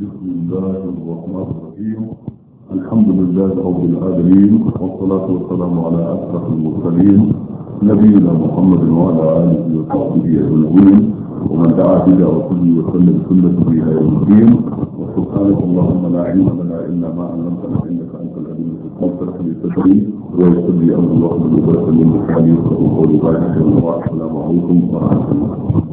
بسم الله الرحمن الرحيم الحمد لله رب العالمين والصلاة والسلام على أشرف المرسلين نبينا محمد وعلى آله وصحبه أجمعين ومن دعا بدعوته وسلم سنة إلى يوم الدين وسبحانك اللهم لا علم لنا إلا ما علمتنا إنك أنت العليم الحكيم في صدري ويسر لي أمر الله بالبركة من الحديث الله السلام عليكم ورحمة الله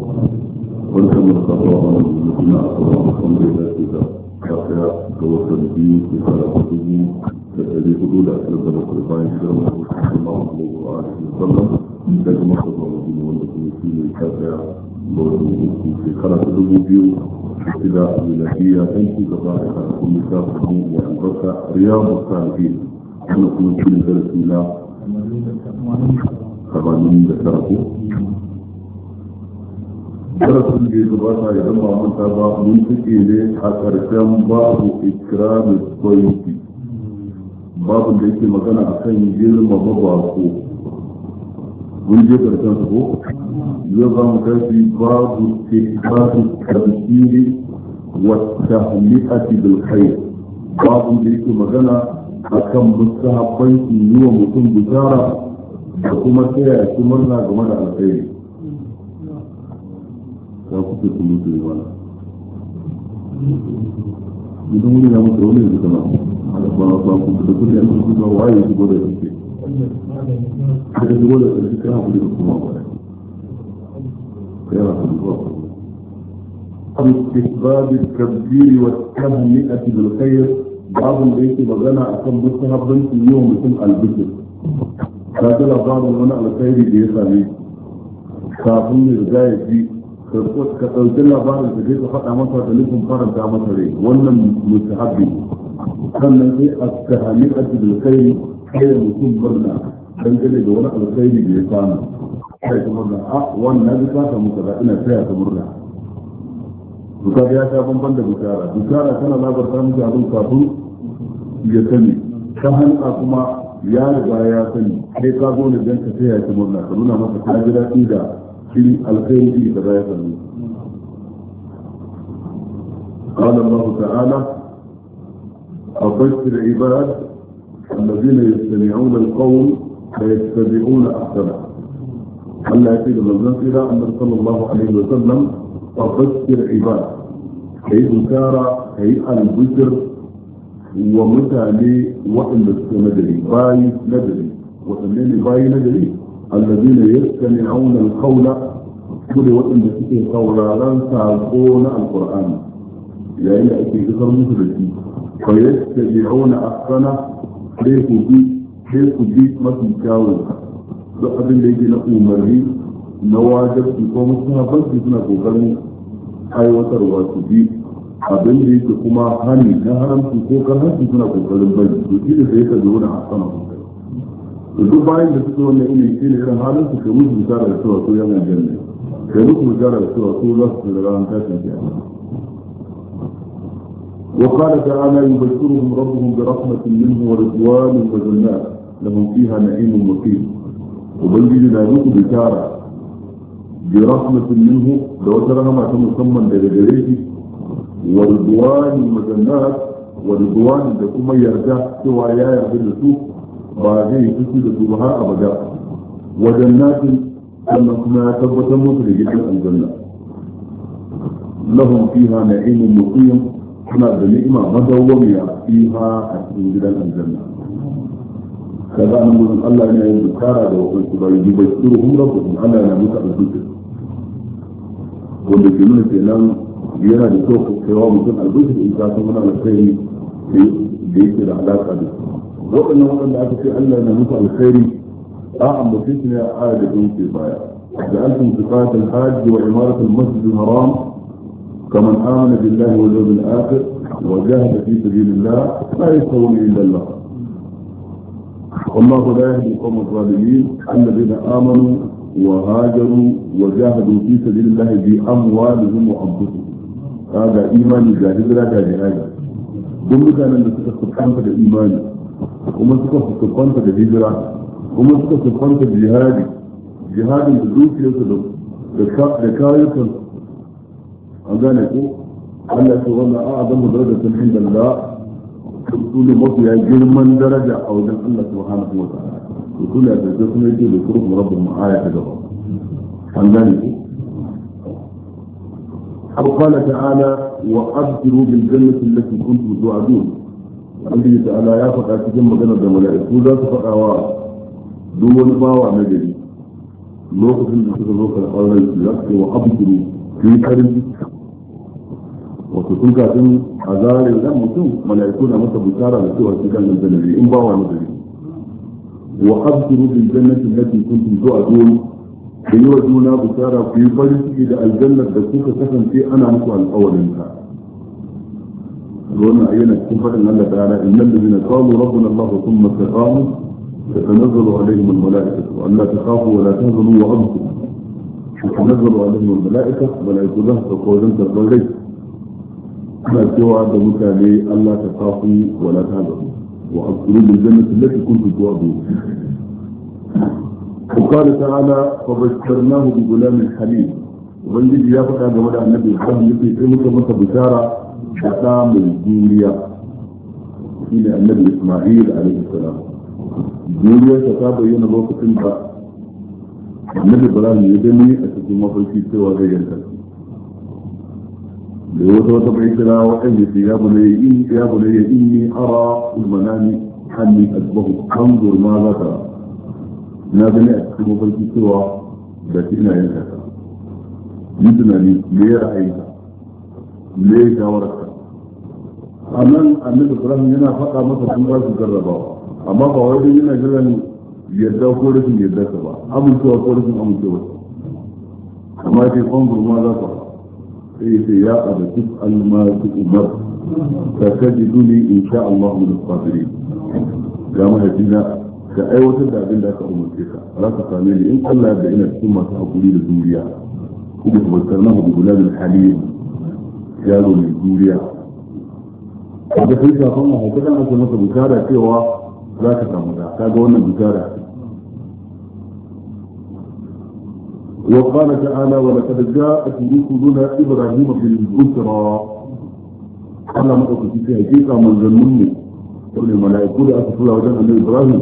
wancan mustafa wani suna a kuma musamman da ya ce da kafaya ga watan biyu shekara ta dubu da ɗari hudu da ashirin da bakwai bayan shigar da musamman da ya a cikin sallan daga masa zuwa wanda kuma shi ne kafaya ga watan uku shekara ta dubu biyu shida a milafiya ɗan ci gaba a karatun littafin wa albarka riyadu salihin wannan kuma shi ne darasi na 89 ko darasin da ya gabata idan ba mun ba mun tuke ne a ƙarshen babu ikramin bayyuki babu da yake magana a kan girmama bako mun je ƙarshen su ko yau za mu tashi babu ikramin tarkiri wa tahliqati bil khair babu da yake magana a kan mustahabbanci yi wa mutum bishara da kuma taya shi murna game da alkhairi ba ku ke kuma su yi wala idan wani na mutu wani yanzu kama ala ba ba ku da kuma yanzu kuma waye su gwada yanzu ke da su gwada yanzu kai hakuri da kuma ba kai na kuma ba ku عن استحباب التبذير والتهنئة بالخير بعض البيت بغنى أكم مستحب بنت يوم مثل البشر فاتلا بعض المنع الخير بيسا ليه kafin ya riga ya ji ka ka ɗauki labarin ka je faɗa masa da nufin faranta masa rai wannan mustahabbi sannan sai a kahani a cikin kai kai mutum murna dangane da wani alkhairi da ya samu kai ta murna a wannan ya ka samu kaza ina taya ta murna bukari ya sha bamban da bukara bukara tana labarta miki abin kafin ya sani ta hanta kuma ya riga ya sani sai ka zo ne don ka taya ta murna ka nuna masa ta ji daɗi da في الخير في كذا قال الله تعالى أبشر عباد الذين يستمعون القول فيتبعون أحسنه ألا يفيد الرزاق إلى أن صلى الله عليه وسلم أبشر عباد هي ذكارى هي البشر ومتى لي وإن السندري باي ندري وإن باي ندري الذين يستمعون القول كل وقت بسيطه القول لا تعرفون القران لان في ذكر مثلتي فيستمعون احسن ليه بيت ليه بيت ما تنكاوي لو قد اللي يجي لك امري نواجب يقوم اسمها بس يكون ابو غني اي وتر واسبي ابن ليك كما هني نهرم في كوكا هني يكون ابو غني بس يجي لك احسن duk bayan da wannan shi ne halin su da da za su ran tashin وقال تعالى يبشرهم ربهم برحمة منه ورضوان وجنات لهم فيها نعيم مقيم وبنجي نادوك بشارة برحمة منه لو ترى ما تمسمى لغيره ورضوان وجنات ورضوان لكم يرجع سوى يا يعبد سوء ba zai fushi da su ba har abada wajen natin sannan kuma ya tabbatar musu da gidan aljanna lahum fiha na'imun muqim suna da ni'ima madawwamiya fiha a cikin gidan aljanna kaza nan gurin Allah yana yin bukara da wasu bayi yubashiruhum rabbuhum Allah yana musu albishir wanda ke nuna kenan yana da kyau kaiwa mutum albishir in ka san wani alkhairi da yake da alaka da su waɗanda waɗanda aka ce Allah na musu alkhairi a ambace shi ne a adadin ke baya da alfin zikatul hajji wa imaratul masjidil haram kaman amana billahi wa zawil akhir wa jahada fi sabilillah la yastawun illa Allah والله لا يهدي القوم الظالمين الذين امنوا وهاجروا وجاهدوا في سبيل الله باموالهم وانفسهم هذا ايمان جاهد لا جاهد دم كان ان تتخطى da imani. kuma suka fuskanta da hijira kuma suka fuskanta da jihadi jihadi da dukiyarsu da da kayukan a gane ko Allah ce wannan a azan da daraja sun inda Allah su ne ya girman daraja a wajen Allah subhanahu wa ta'ala su ne a tsaye kuma yake da kurkun rabbin ma'aya da ba an gane ko أو قال تعالى وأبشروا بالجنة التي كنتم توعدون Allah ta'ala ya faɗa cikin maganar da mala'iku za su faɗa wa duk wani bawa na gari lokacin da suka zo karɓar rai za su ce wa abdu ku yi farin wato sun kafin a zare da mutum mala'iku na masa bishara da cewa shi kan nan in bawa na gari wa abduru bil jannati allati kuntum tu'adun ku yi wa juna bukara ku yi farin ciki da aljannar da kuka kasance ana muku alƙawarin ka. دون أينا كفر إن الله تعالى إن الذين قالوا ربنا الله ثم استقاموا تتنزل عليهم الملائكة وأن لا تخافوا ولا تهزنوا وانتم تتنزل عليهم الملائكة ولا يكونها انت تقولي أنا سوى دمك لي ألا تخافوا ولا تهزنوا وأبصروا بالجنة التي كنتم توعدون وقال تعالى فبشرناه بغلام حليم وبنجي يا هذا جمال النبي وسلم يقول لك مكة بشارة حسام الجولية إلى النبي إسماعيل عليه السلام جولية تتابع ينا بوك تنبع النبي بلان يدني أتكي ما في شيء سوى غير الكلام لو تتبع إسلا وحيث يا بني إني يا بني إني أرى المنام حني أجبه أنظر ماذا ترى نادني أتكي ما في شيء سوى لكن أين الكلام يدنني ليرى أين الكلام me shawararka a nan annabi ibrahim yana faɗa masa sun ba su jarrabawa amma ba wai dai yana jiran yadda ko rashin yadda ka ba amincewa ko rashin amincewa amma sai kwangur ma za ka sai ya ce ya abu duk almasu umar ka kaji duni in sha Allah mu fasiri ga mahaifina ka aiwatar da abin da aka umarce ka za ka same ni in Allah da ina cikin masu hakuri da zuriya kuma tabbatar na hudu gulalin haliyya yaro mai juriya kaga sai kafin a haifa kana masa bukara cewa za ka samu da kaga wannan bukara وقال تعالى ولقد جاءت رسلنا ابراهيم بالبشرى قال ما في حقيقه من ظنني كل الملائكه da aka tura wajen annabi ibrahim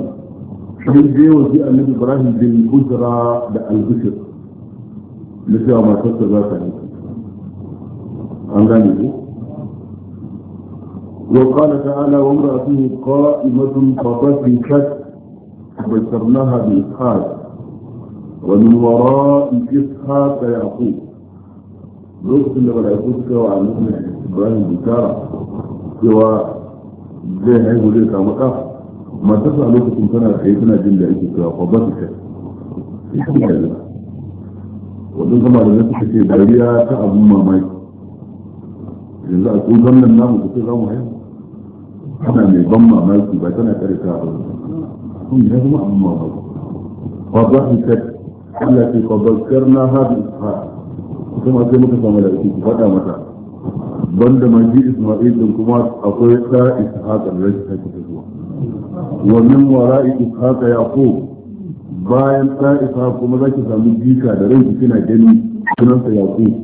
sai je wa ji annabi ibrahim bil bushra da al bushra na cewa matarsa za ta haifa an وقال تعالى وامرأته قائمة فضحكت بشرناها بإسحاق ومن وراء إسحاق يعقوب لوقت اللي بدأ يقول سوى عن ابن إبراهيم بشارة سوى زي هاي لك أمك ما تسمع لوقت كنت أنا حيثنا جنة إيش سوى فضحكت وده زمان اللي تحكي داريا كأبو ماماكي yanzu a tsohon nan namu kusa za mu haihu tana mai ban mamaki ba tana karita ba kun ya zama abin mamaki ba ba su ta Allah ce fa bakar na hadu ha kuma sai muka samu da ku faɗa mata banda man ji Isma'il din kuma akwai ta Ishaq al-Rajhi ta zuwa wa min wara'i ya ko? bayan ta Ishaq kuma za ki samu jika da rai kina gani sunan sa Yaqub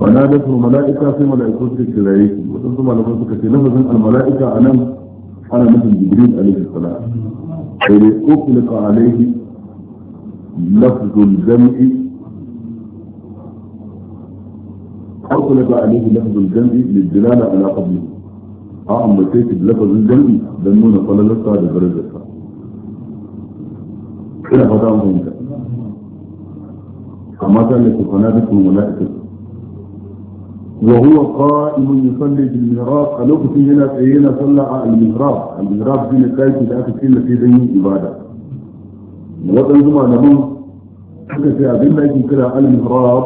ونادته الملائكة في ملائكة الكرايك وتنظم على فرصك لفظ الملائكة أنا أنا مثل جبريل عليه السلام إذ أطلق عليه لفظ الجمع أطلق عليه لفظ الجمع للدلالة على قبله أعمل آه، تيت بلفظ الجمع دنون فللسة لدرجتها إلى فتاة مهمة كما كان لتقنادكم الملائكة وهو قائم يصلي في المهراب قالوا في هنا في هنا صلى على المهراب المهراب في الكايت اللي اخذ كل في ذي إبادة وطن جمعه نبو حتى في عبد الله يكون كده المهراب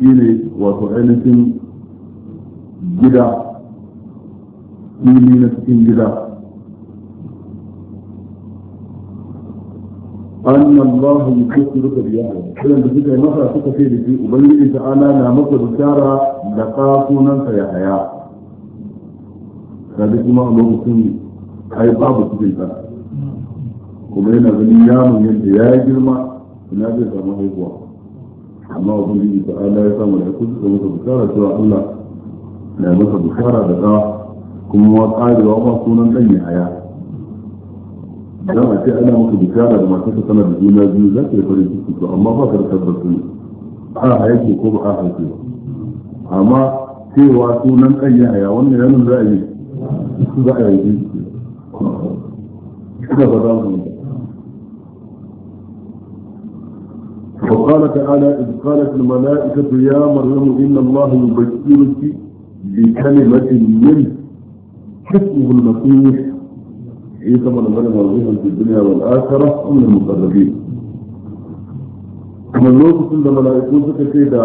فيه وطعنة جدع فيه لنا جدع أن الله يبشرك بيحيى إذن بذكر مصر da لكي أبلغ تعالى لا مصر بشارة لقاكونا سيحيى هذا كما أنه سن أي باب سبيل kuma yana ganin yaron yadda ya girma ina zai samu haihuwa amma abin da isa ala ya samu da kusa masa bukara cewa allah na masa bukara da kuma ma sunan ɗan ya haya za a ce ana maka bishara da masu ta sanar da juna biyu za ka yi farin ciki to amma ba ka da tabbacin a haife ko ba a haife ba amma cewa sunan kan ya haya wannan yanin za a yi za a yi ina ba za mu وقال تعالى إذ قالت الملائكة يا مريم إن الله يبشرك بكلمة منه اسمه المسيح عيسى من المريم مرضيها في الدنيا والآخرة ومن المقربين من نوت يكون ملائكوسة كيدا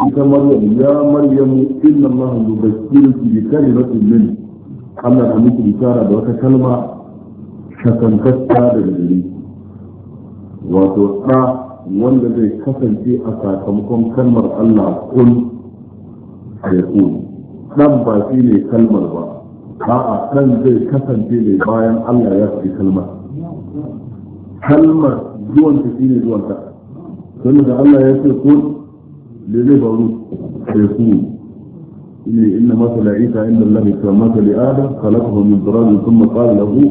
عيسى مريم يا مريم إن الله يبشرك بكلمة منه أنا حميت بشارة بوكا كلمة شكاً كتابة لدي وتوقع والذي zai kasance a sakamakon kalmar Allah kun sai kun dan كلمة shi a'a dan zai kasance ne bayan Allah ya fi kalmar kalmar zuwan ta shine zuwan ta don da Allah ya ce kun da zai faru sai ku ne inna masala isa inda Allah ya kama ta li adam khalaqahu min turab thumma qala lahu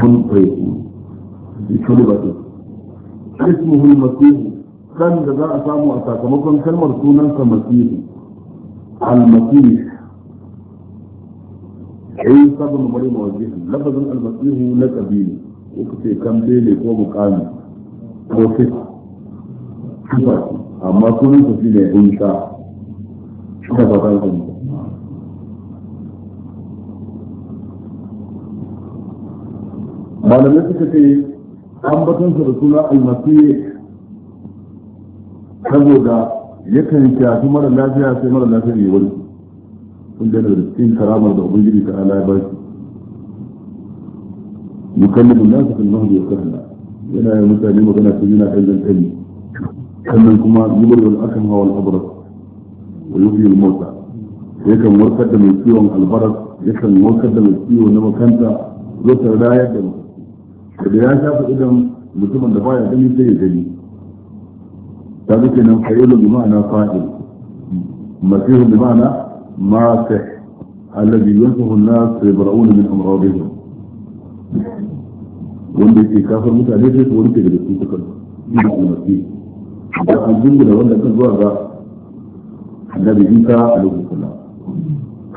kun fayakun ikon ba ta ismuhu al-masih dan da za a samu a sakamakon kalmar sunansa masih al-masih عيسى بن lafazin وجهه لفظ المسيح لقبيل وكتي كم بيلي ko مقامي كو فتح amma sunan su shi da malamai suka ce an da suna almasi saboda yakan shafi mara lafiya sai mara lafiya ya wani. kun da da cikin karamar da ubangiji ta ala ba shi yukallimu nasu fil mahdi wa kahla yana yi mutane magana su yana aizan tsari sannan kuma yubar wal akam hawa al abras wa yuhyi al mauta yakan warkar da mai ciwon albaras yakan warkar da mai ciwo na makanta zai rayar da mutum da ya shafa idan mutumin da baya gani sai ya gani ta zuke nan fa'ilu bi ma'ana fa'il masihu bi ma'ana ماسح الذي ينفه الناس يبرؤون من امراضهم واللي في كافر متعدد وانت قد تتكلم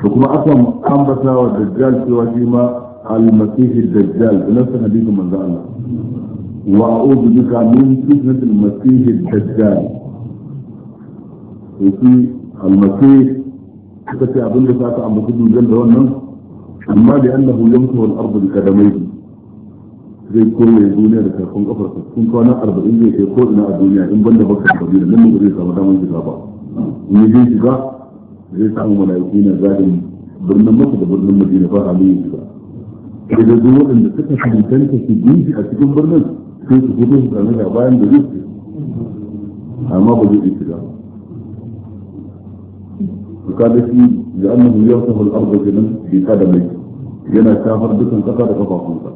فكما أصلا أن والدجال في وشيما المسيح الدجال بنفس حديث من ذا الله وأعوذ بك من فتنة المسيح الدجال وفي المسيح suka ce abin da za ka ambaci dutsen da wannan amma da annahu yamsu wal ardu bi kadamaihi zai kore duniya da karfin kafarsa sun kwana arba'in zai kai ko ina a duniya in banda baka da kabila nan ba zai samu damar shiga ba in yi zai shiga zai samu mala'iku na zagin birnin maka da birnin madina ba a mai shiga sai da zuwa waɗanda suka shigantanta su bi a cikin birnin sai su fito su tsanaka bayan da zai amma ba zai shiga ba وقال في لأنه يرتف الأرض جنن بقدمه ينا كافر بكم كفر كفاقوسا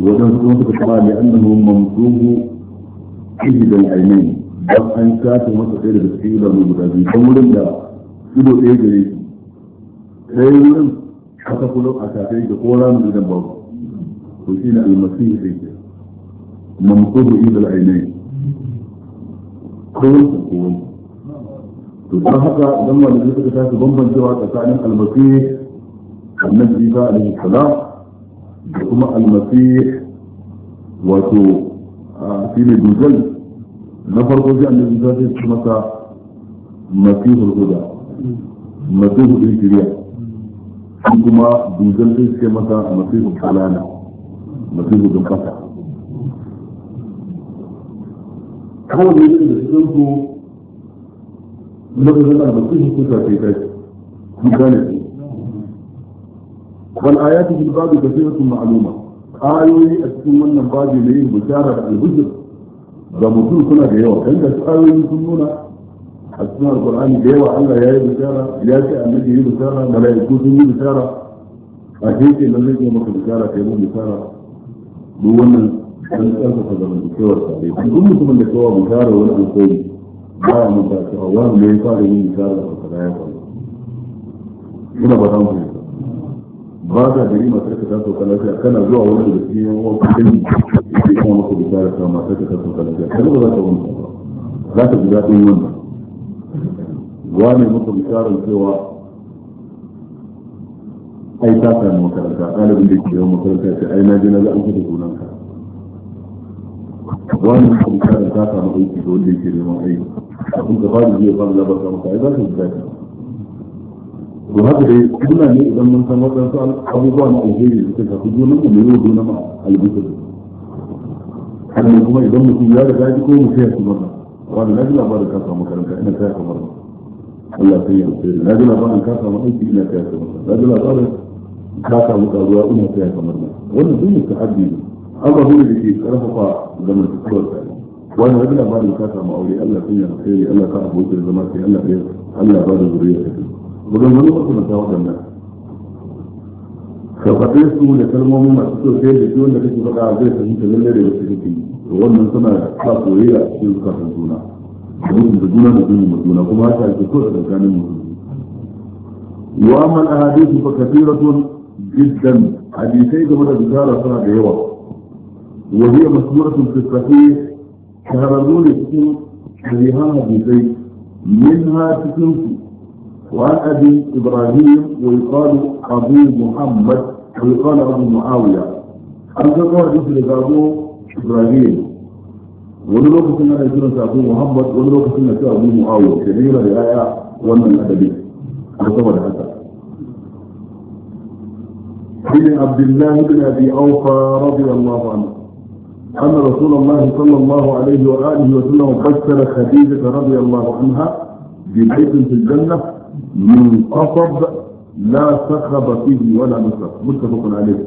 وجن سكون كما لأنه ممسوه إحدى العينين بل أن كاتب مسخير بسكيل المبرازي فمولم لا سلو إيه جريس إيه حتى قلوا أساتيك قولا من إذن وشين المسيح إيه ممسوه إحدى العينين كون قولت to don haka idan malamai suka tashi bambancewa tsakanin almasi annabi isa alaihi kala da kuma almasi wato shi ne dujal na farko sai annabi isa zai ci masa masihul huda masihul shiriya shi kuma dujal zai ce masa masihul kalana masihul dunkasa kawai da yake da cikin su والآيات في الباب كثيرة معلومة آيوي أكتم من الباب يليل بشارة الهجر ذا مطول كنا جيوة عند سؤالي يسمونا أكتم القرآن جيوة ألا يا بشارة يا شيء أنك يليل بشارة ملا يكوثني بشارة أحيك إلا الذي يمك بشارة كيبون بشارة دوما أنت أنت فضل بشارة كيبون بشارة كيبون بشارة بشارة ba ya mun ba su hawa da ya fara yin isara da fasara ya faru ina ba ta mu ba ta da rima sarka ta sauka lafiya kana zuwa wani da ke yin wani kudin da ke kuma maka isara ta ma sarka ta sauka lafiya kana ba za ta wani ba za ta ji daɗin wannan wane muku isharar cewa ai ta sami makaranta ɗalibin da ke yawan makaranta ce ai na je na ga an fita sunanka wani mutum kan ta samu aiki da wanda yake neman aiki abin da fara zai fara labarta masa ai za ka ji daɗi to haka dai kuna ne idan mun san waɗansu abubuwa na alheri da suka shafi junan mu ne yau juna ma albisa sannan kuma idan mutum ya riga ji ko mu sai ya ci masa wani na ji labarin ka samu karanta ina ta kamar Allah sai ya alheri na ji labarin ka samu aiki ina ta kamar na ji labarin ka samu karuwa ina ta kamar wannan duk mutum haddi ne Allah abubuwa da ke karfafa zamantakewar tare wani wani labarin ka samu aure Allah sun yana kai Allah ka da zama sai Allah ya Allah ba da zuriya ta bugan wani wasu na kawo wannan ka faɗe su da kalmomin masu so sai da shi wanda kake faɗa zai fahimta lalle da wasu kake to wannan suna sa soyayya cikin zukatan juna domin da juna da juna juna kuma haka ake so da tsakanin mutum wa amma al-ahadithu fa kathiratun jiddan hadisai game da bisara suna da yawa وهي مسموعة في الصحيح شهرون السن هذه حديثين منها تسنس وعن أبي إبراهيم ويقال أبو محمد ويقال أبو معاوية الجواب حديث لأبو إبراهيم ونروح سنة يكون أبو محمد ونلوك سنة أبو معاوية كبيرة لآية ومن الأدب أنتقى هذا بن عبد الله بن أبي أوفى رضي الله عنه أن رسول الله صلى الله عليه وآله وسلم بشر خديجة رضي الله عنها ببيت في الجنة من قصب لا صخب فيه ولا نصب متفق عليه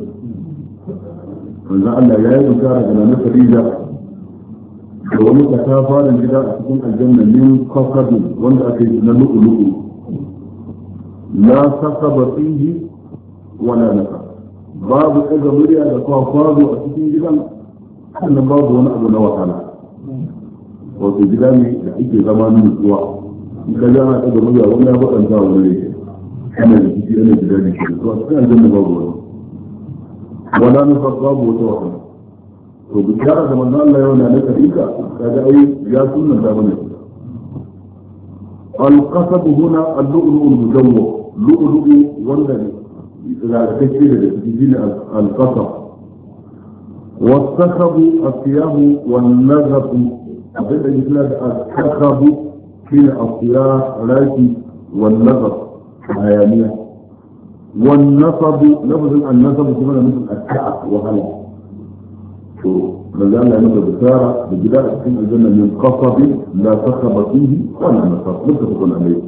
لعل يا يمكن إلى خديجة ومن تكافر الجداء تكون الجنة من قصب ونأكد أكيد لا صخب فيه ولا نصب بعض إذا مريا لقى فاضوا أتكين جداً sannan babu wani abu na wahala wato gida ne da ake zama na nutsuwa in ka jana ta ga maza wani ya baɗanta wa wani yake ana da kiki ana gida ne ke zuwa cikin aljanna babu wani wala na fa babu wata wahala to bishara da manzo Allah yau na na tarika kaga ai ya sunan ta bane القصد هنا اللؤلؤ المجوف لؤلؤ ولا لا تكفي للتجديد القصب والصخب الثياب والنغف أبدا يتلاد الصخب في الصيام راكي والنغف عيانية والنصب لفظ النصب كما مثل التعب وهلا شو مازال نعمل بسارة بجدار تكون الجنة من قصب لا تخب فيه ولا نصب متفق عليه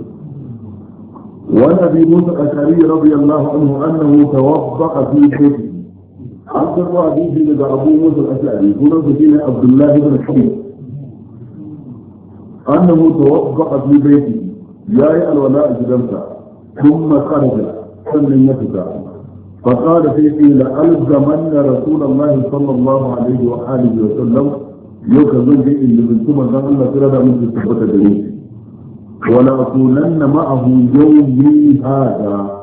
ونبي ابي موسى الاشعري رضي الله عنه انه توضا في بيته عبد الله بن زيد بن ابو موسى الاسلامي هنا عبد الله بن الحبيب انه توقع في بيته لا يأل ولا اجدمك ثم خرج سنيتك فقال سيدي لألزمن رسول الله صلى الله عليه واله وسلم يوكا زوجي اللي من ثم ذا الله فرد من تثبت دينك ولأكونن معه يومي هذا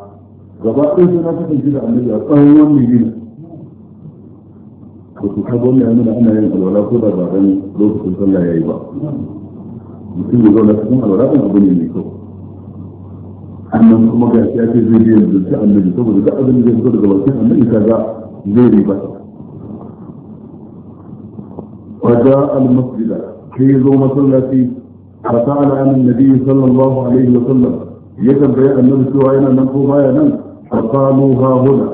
فبقيت نفسي كده عندي اصلا يومي هنا da su kan wannan yana ana yin alwala ko da ba dan lokacin sallah yayi ba mutum ya zauna cikin alwala ɗin abu ne mai kyau annan kuma ga ya ce zai biyan zuci annabi saboda duk abin da zai fito daga bakin annabi kaga zai riba وجاء المسجد كي ذو مصلتي فسأل عن النبي صلى الله عليه وسلم يجب بيان النبي سوى أين نقوم أين فقالوا ها هنا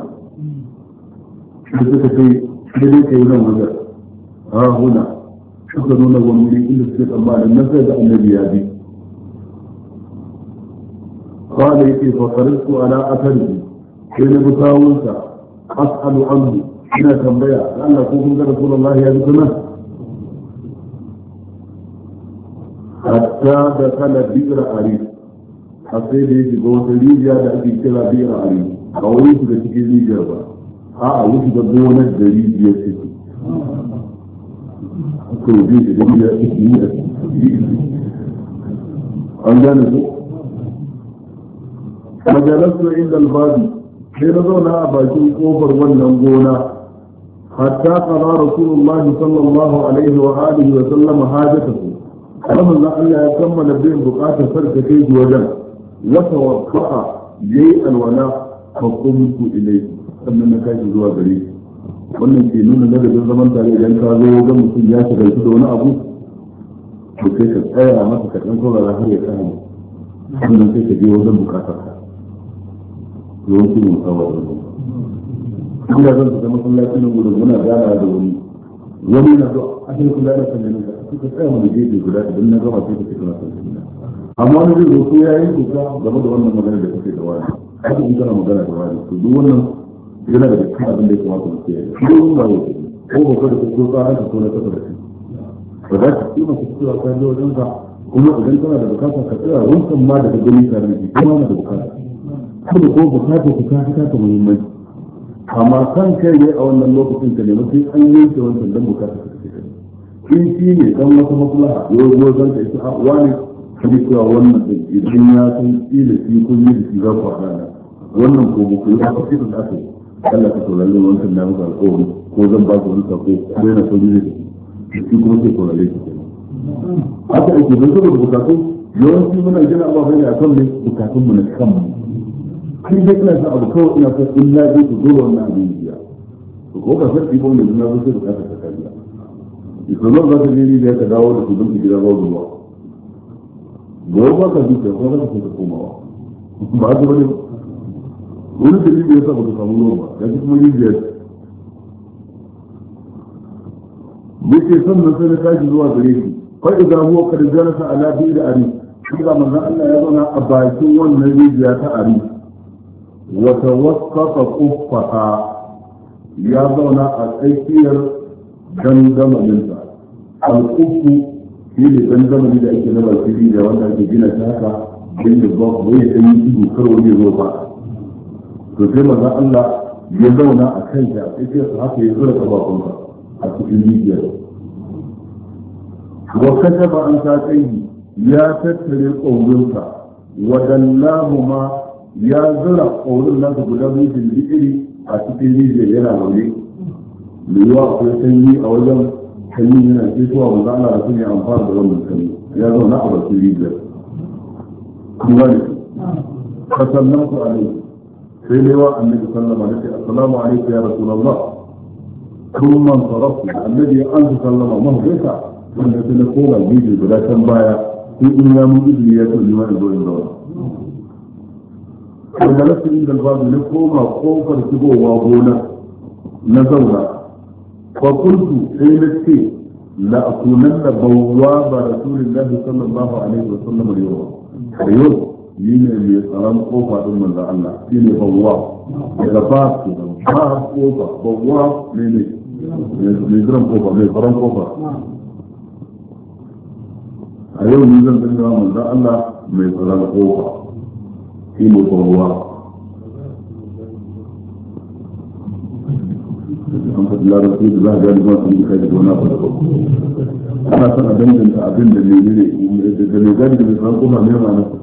فسكتي sai dai ka yi nan wajen rahuna suka nuna wani wuri inda suke tsammanin na sai da annabi ya bi kwana yake fakarinsu ala asali sai na bi kawunsa as'alu anhu ina tambaya Allah ko kun ga Rasulullahi ya bi nan hatta da kana bira ari a sai da yake ga wata rijiya da ake kira bira ari a wani su da cikin rijiyar ba a'a ya da gonar da rijiyar ciki ko bi da rijiyar ciki an gane su majalastu inda albabi sai na zauna a bakin kofar wannan gona hatta kama rasulullahi sallallahu alaihi wa alihi wa sallama hajata su kamar na Allah ya kammala bin bukatar sarka kai wajen wata waka'a yayi alwala fa qumtu ilayhi sannan na kashi zuwa gare wannan ke nuna nazarin zaman tare idan ka zo ga mutum ya shiga da wani abu to sai ka tsaya masa ka ɗan saurara har ya kama sannan sai ka je wajen bukatar ka yawanci mu saba da wani an da zan fita masallaci na gudun muna gana da wani wani na zo a cikin kula da su ka suka tsaya mana gefe guda idan na gama sai ka fita na sanyanin amma wani zai zo ko ya yi kuka game da wannan magana da kake da wani haka in kana magana da wani to duk wannan yana da cikin abin da ya kamata mu kiyaye ko mun ba wuce ko ba ka da ko ka haka ko na kafa da ba za ka kima ku cewa ka je wajen ka kuma idan kana da bukata ka tsaya wancan ma da ka gani tare da kuma na da bukata kuma ko bukata ku ka haka ta muhimmanci amma kan kai ne a wannan lokacin ka nemi sai an yi yanke wancan dan bukata ka ce in shi ne dan wata maslaha yau go zan ta isa wani kuma cewa wannan din idan ya san shi da shi kun yi da shi za ku haɗa wannan ko ba ku yi ba ku da aka yi Allah ka saurare mu na muku alƙawari ko zan ba ku wani sako ko yana sauri da shi kuma sai saurare shi haka ake don saboda bukatu yawanci muna gina ababen da akan ne bukatun mu na kanmu kai dai ina son abu kawai ina son in na je ku dole wannan abin biya ko ba sai ko ne na zo sai bukatar ta kariya ikonor ba ta je da ya ka dawo da kudin ku gida ba. ruwa gobe ba ka duka ko za ka koma komawa ba su bane ba wani da ya sa baka samu ruwan ba ga kuma biyar ce yake sannan sai na tashi zuwa gare shi fa idza huwa qad jalasa ala da ari kuma manzon Allah ya zauna a bakin wannan rijiya ta ari wa tawaqqafa quffaha ya zauna a tsakiyar dandamalin ta al-quffu shi ne dandamalin da ake na bakin rijiya wanda ake gina ta haka inda ba ko ya yi tudu karo ne zo ba to sai manzon Allah ya zauna a kan ta sai sai su haka ya zura kafafun sa a cikin rijiyar wa kataba an ta tsayi ya tattare ƙaurinsa wa dallahu ma ya zura ƙaurin nasa guda biyu iri a cikin rijiyar yana rauni. zaune yiwuwa akwai sanyi a wajen sanyi yana fitowa wanda ana da sun yi amfani da wannan sanyi ya zauna a bakin rijiyar kuma ne ka sannan ku a yau sai ne wa annabi sallama nace assalamu alaikum ya rasulullah kuma sarafu annabi an sallama mu gaisa wanda sai na koma gidi guda can baya sai in ya mun izini ya to ni ma zo in zauna daga nasu inda babu na koma kofar shigowa gona na zauna fa kuntu sai na ce la akunan da bawwa ba rasulullahi sallallahu alaihi wa sallam yau ni ne mai tsaron kofa din manzo Allah shi ne bawwa daga ba su ba kofa bawwa ne ne mai tsaron kofa mai tsaron kofa a yau ni zan dinga manzo Allah mai tsaron kofa shi ne bawwa an faɗi larabci da za a gani masu yi kai da gona ba da ba ana son a danganta abin da ne ne da ne gani da mai tsaron kofa ne ma na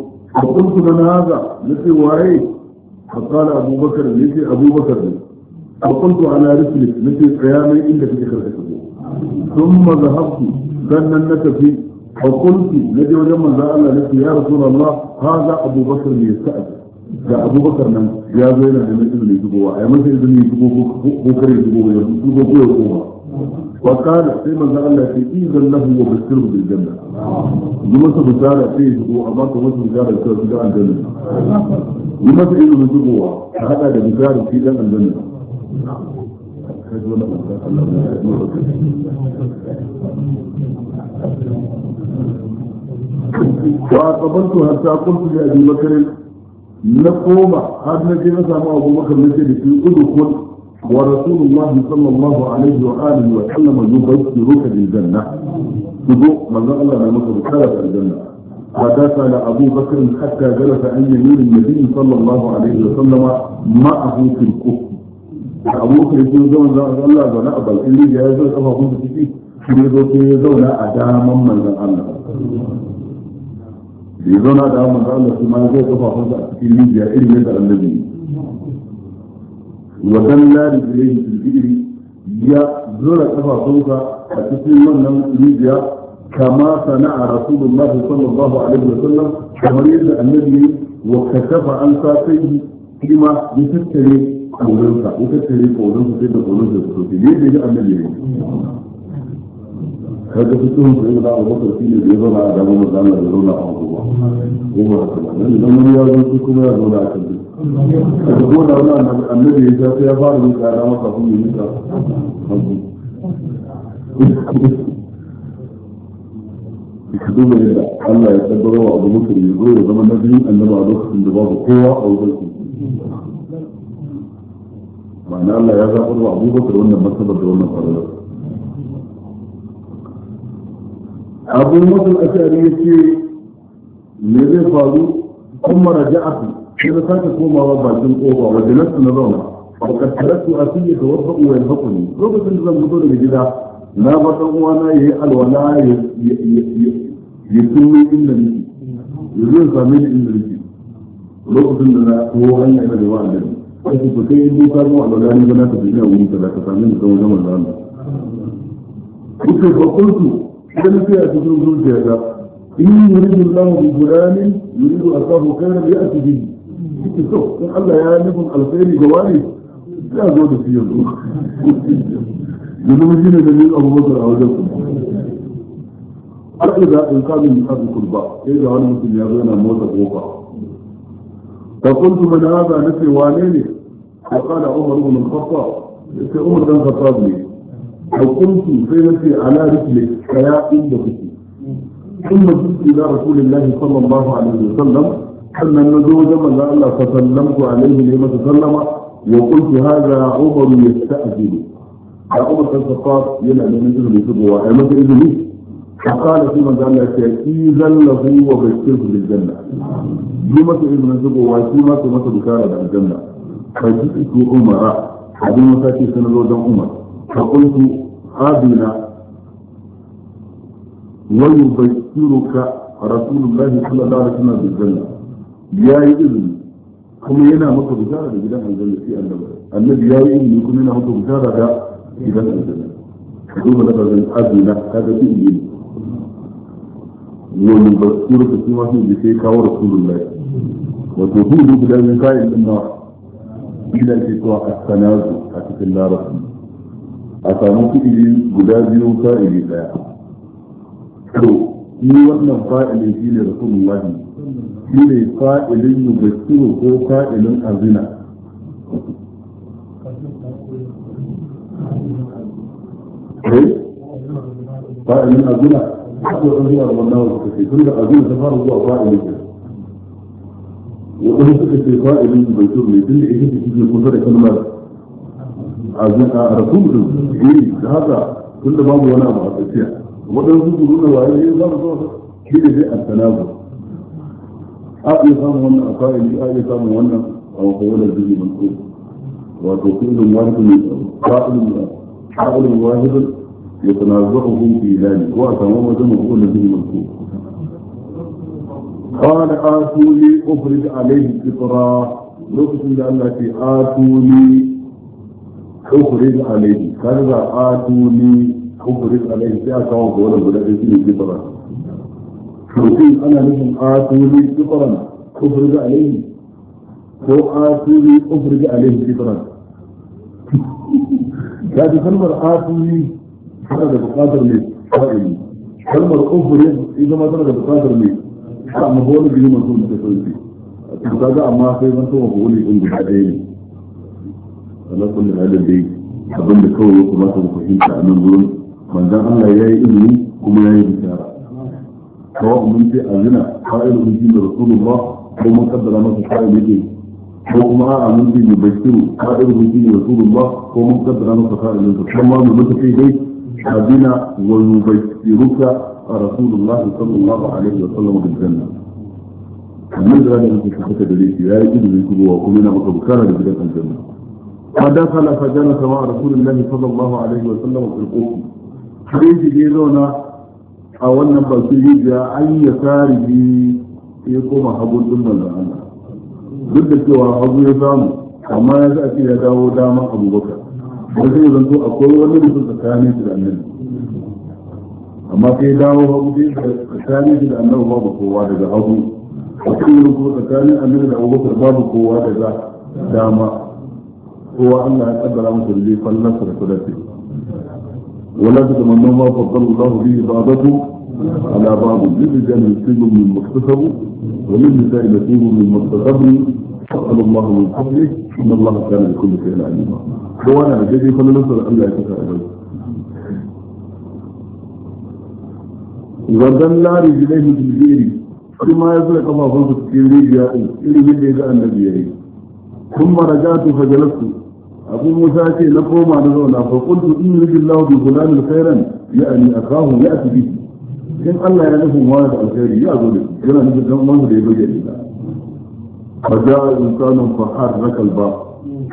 فقلت لنا هذا مثل وعي فقال أبو بكر مثل أبو بكر فقلت على رسلك مثل قيامي انك في إخرة ثم ذهبت فننك في فقلت الذي وجمع زعل لك يا رسول الله هذا أبو بكر يسأل يا أبو بكر من يا زينة من إذن يتبوها يا مثل إذن يتبوها بكر يتبوها يتبوها يتبوها وقال سيما ذا الله في إذن له وبشره بالجنة لما سبسارة فيه هو أماك وسبسارة في جاء الجنة لما سئل من جبوة هذا بسارة في جاء الجنة وأقبلت حتى قلت لأبي بكر نقوم هذا نجي نسمع أبو بكر نجي في أدخل ورسول الله صلى الله عليه وآله وسلم يبشرك بالجنة تبو من الله لما تبشرك الجنة فدخل أبو بكر حتى جلس عن يمين النبي صلى الله عليه وسلم معه في الكفر أبو بكر يقول زمن زون زمن أبل إلي جاهز أبو بكر تكي في زمن أداما من الله في زمن أداما من الله في ما يقول أبو بكر تكي لي جاهز أبو بكر وصلى رجليه في الفجر يا زر كفاصوك أتسلم من ليبيا كما صنع رسول الله صلى الله عليه وسلم كما يرد النبي وكشف عن ساقيه فيما يتسلم قولنسا يتسلم قولنسا سيد قولنسا السلوكي ليه جاء النبي هذا فتهم في الله وبكر فيه بيضنا على دعوة الله بيضنا على الله وما أكبر لأن من يازم فيكم يازم على كبير da ko da wani annabi ya sai ya fara yin tsada masa kun yi nisa ka duba yadda Allah ya tabbara wa Abu Bakar ya zo ya zama nabiyin annabi a lokacin da babu kowa a wurin ma'ana Allah ya zaɓar wa Abu Bakar wannan masabar da wannan faruwar Abu Musul Ashari ya ce me zai faru kuma raja'atu إذا كانت كوما ربا جن أوبا وجنت نظاما فقد حلت أسية توفق ويرهقني ربا تنزل مدون بجدا ما بطل وانا يهال ولا يسمي إلا نسي يزيل فامين إلا نسي ربا تنزل هو أن يحمل وانا لهم فإذا كنت تكون وحبا لاني بناك بجنا ومتا لا تتعلم كما جمع الآن كيف فقلت كان فيها تدرون جهدا إني يريد الله بفلان يريد أصاه يأتي به قال يا لكم الخير جوالي لا جود في يدك لما جينا دليل ابو بكر او جبت اذا من قبل كربا اذا علم في اليابان موت ابوك فقلت من هذا نفي والدي فقال عمر بن الخطاب انت عمر بن الخطاب لي كنت في نفسي على رجلي فيا ان بكتي ثم جئت الى رسول الله صلى الله عليه وسلم حنا نزو جمل الله فسلمت عليه لما تسلم وقلت هذا عمر يستأذن يا عمر بن الخطاب يلعن من اذن يسبوا اي متى اذن فقال فيما قال لك اذا له وبشره بالجنة. يوم تريد من يسبوا في ما تمت بكاره الجنه فجئت عمر هذه مساكي سنزو جم عمر فقلت هذه ويبشرك رسول الله صلى الله عليه وسلم بالجنه ya yi izini kuma yana maka bishara da gidan aljanna sai annabi annabi ya yi izini kuma yana maka bishara da gidan aljanna ka duba lafazin azina ka ga fi ilimi wani basura ka kuma sai da sai kawo rasulullahi wato hudu guda min kayan din ma ila ce to as-sanazu a cikin larabci a samu fi'ili guda biyu fa'ili daya to ni wannan fa'ili shine rasulullahi shi ne fa'ilin yubasiru ko fa'ilin azina eh? fa'ilin azina haɗuwar zuwa wannan wasu kake tun da azina ta fara zuwa fa'ilin ya waɗanda suka ce fa'ilin yubasiru ne tun da ita ce cikin kusa da kalmar azina a rasulun ne eh, da haka tun da babu wani abu a tsakiya waɗansu su nuna waye ne za mu zo shi ne dai a tanazu a iya samun wannan a fa'ili a iya samun wannan a mafawar jini mansub wato fi'ilun wahidun يتنازعه في ذلك وأتمام ذنبه الذي منصوب قال آتوني أفرد عليه الفطرة لقسم التي آتوني أفرد عليه كذا آتوني أفرد عليه في قول ذنبه الذي الفطرة توقيت أنا لهم آتوني فطرا أفرج عليهم هو آتوني أفرج عليهم فطرا هذه كلمة آتوني هذا بقادر لي فائل كلمة أفرج إذا ما كان بقادر لي أما هو اللي بيجي منصور متسوي kaga amma sai zan kuma huli din guda ɗaya ne Allah kun da halin dai abin kawai ya kamata mu fahimta a nan gurin manzon Allah yayi ilimi kuma yayi bishara سواء من في الزنا قائل من في رسول الله هو قدر ما قائل به هو ما من في يبشر قائل من في رسول الله هو قدر ما قائل به ثم من في بيت أذنا ويبشرك رسول الله صلى الله عليه وسلم بالجنة من ذلك أنه تحت دليل يا إذن من كبوة وكلنا مكبكانا لبداية الجنة فدخل فجلس مع رسول الله صلى الله عليه وسلم في القوم حديث جيزونا a wannan bakin rijiya an yi tarihi ya koma hagun din da Allah duk da cewa hagu ya samu amma ya za a ce ya dawo daman abubakar da zai zanto akwai wani mutum tsakanin su da annabi amma sai dawo hagu dai tsakanin su da annabi babu kowa daga hagu a cikin kuma tsakanin annabi da abubakar babu kowa daga dama kowa Allah ya kaddara masa da zai fallasa da kudace wala ta tamannu ma faddala Allah bihi على بعض الرجال نصيب من مكتسبه وللنساء نصيب من مكتسبه فقال الله من فضله ان الله كان بكل شيء عليما هو انا بجد كل نصر الله يتساءل لا رجليه بالبئر كما يزرق فوق التكيري الريجاء إلي من إذا النبي يريد ثم رجعت فجلست أبو موسى كي نقوم على ذولا فقلت إن رجل الله بغلام خيرا يعني أخاه يأتي به in Allah ya nufin wani da alkhairi ya zo da yana nufin dan uwansa da ya bayyana ta فجاء إنسان فحرك الباب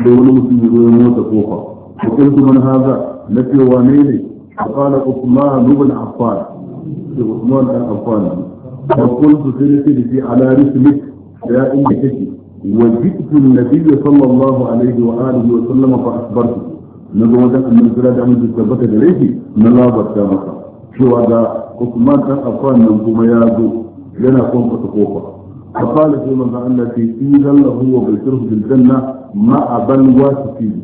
دولة مسلم ويموت فوقه وقلت من هذا لك وانيني فقال عثمان بن عفان عثمان بن عفان فقلت سيرتي على رسلك يا أمي حكي وجئت النبي صلى الله عليه وآله وسلم فأخبرته نزوجا أن الزلاد عمد الثبت إليه نلا cewa ga Usman dan Affan nan kuma ya zo yana kwankwasa kofa فقال في من أن في إذا له وبشره بالجنة مع بل واسفين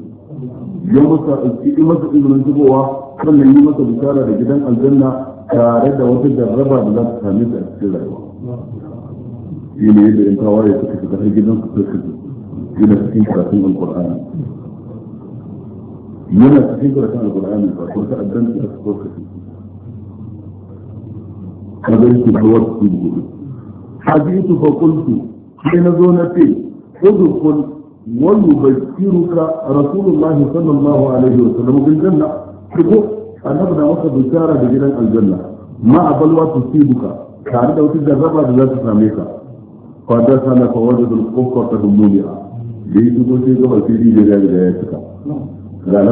يوم سألت إذن من جبوة sannan yi masa bishara da gidan aljanna tare da wata jarraba da za ta same ta a cikin rayuwa shi ne yadda in tawaye suka shiga har gidan su suka ji yana cikin karatun alkur'ani yana cikin karatun alkur'ani ba ko ta addan su aka kawo kashi wajen shigarwar su gudu hadisu fa kultu sai na sallallahu alaihi wa sallam bil janna annabi da gidan aljanna ma abalwa tusibuka tare da wata jarraba da za ta same ka fa da sana fa wajadul da ya da ya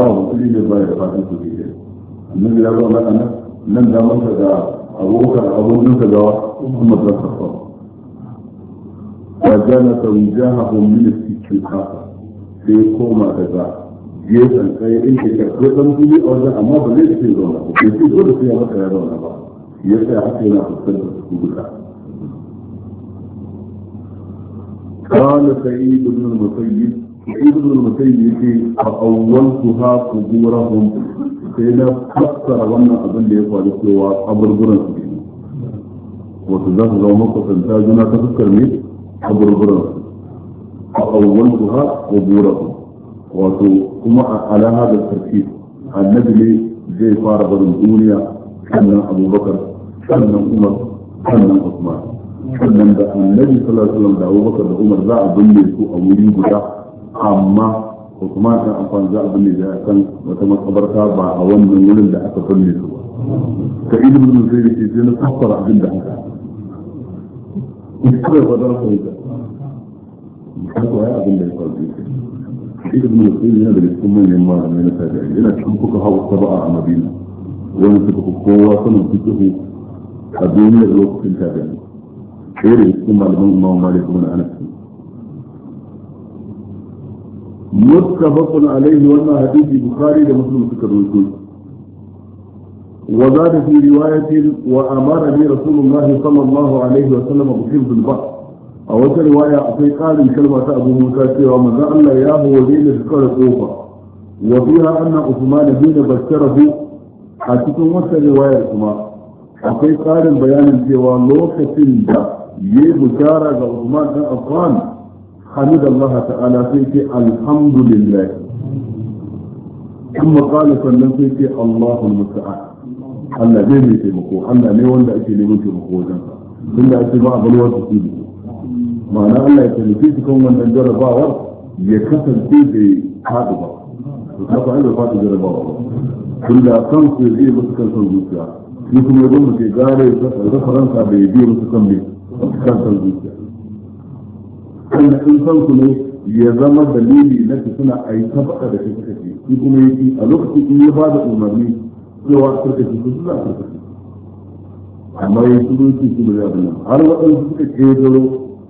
nawa ba da nan da أبو بكر أبو بن سجوة محمد بن الخطاب وجاههم من السكة الخاصة في كوما غزاء جيدا انت كتبت او جاء ما بليت في دولة يسي دولة في عمك يا دولة يسي عمك يا دولة قال سعيد بن المسيب سعيد بن المسيب فأولتها قبورهم sai na fassara wannan abin da ya faru cewa kaburburan su ne wato za su zama makusanta juna ta fuskar ne kaburburan su a awwal duha wa burahu wato kuma a alaha da sarki annabi ne zai fara barin duniya sannan abubakar sannan umar sannan usman sannan da annabi sallallahu alaihi wasallam da abubakar da umar za a binne su a wuri guda amma Usman ɗan amfani za a binne da kan wata makabarta ba a wannan wurin da aka binne su ka idu bin zai yake sai na tsafara abin da haka kuma ba za su rika kan kuwa ya abin da ya faru idu bin zai yana daga cikin manyan malamai na tajari yana cikin kuka hau saba'a a madina wani suka fi kowa sanin fikihu a duniyar lokacin tajari ɗaya da cikin malaman imam malik ibn anas muttafaqun عليه wannan حديث البخاري da muslim suka rawaito وزاد في رواية لي رسول الله صلى الله عليه وسلم بحفظ البحر أو رواية في قال كلمة أبو موسى ومن الله يا هو ذيل شكر الكوفة وفيها أن عثمان بن في حتكم وسط رواية كما أخي قال بيان سوى لوكة دا يبشارة عثمان بن أفغان حمد الله تعالى فيك الحمد لله ثم قال سنن فيك الله المستعان الله بيني في مكو الله ني وندا اكي نيمو في مكو وجن بين دا اكي با بلوا تسيدي ما انا الله يكلي فيك كون من دار با ور يكسر في دي حاضر وكفى عنده فاتو جرى با ور كل دا كان في دي إيه؟ بس كان سن جوكا يكون يقول لك يا إيه؟ جاري رفرنسا بيجي بس كان بيجي كان سن wanda in san su ne ya zama dalili na su suna a yi tabbata da shi suka shi kuma ya ce a lokacin in ya ba da umarni cewa suka ce su suna su suka amma ya su zo ki su ba za su har waɗansu suka ke zaro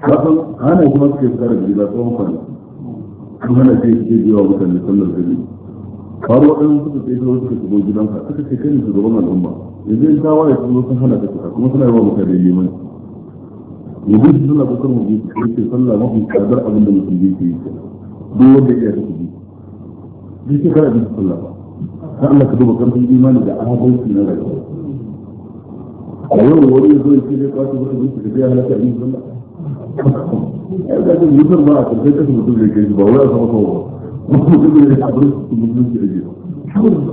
kafin hana kuma suke fita daga gida tsawon kwanaki kan hana ce su ke biyawa mutane sannan gari har waɗansu suka ce zaro suka shigo gidansa suka ce kai ne gaban al'umma yanzu in tawaye sun zo sun hana ta kuma suna yi wa mutane limani ya bi sallah ko mu bi sai ce sallah mafi tsadar abin da musulmi ke yi duk wanda ya ta bi duk sai kada bi sallah ba sai Allah ka duba karfin imani da adalci na rayuwa a yau wani ya zo ya ce zai kwace masa zuci ka sai ya halaka yin sallah ai da kan mutum ba a karfin kasa mutum da ke ba wai a sama kawo ba mutum da ya abin mutum da ke ba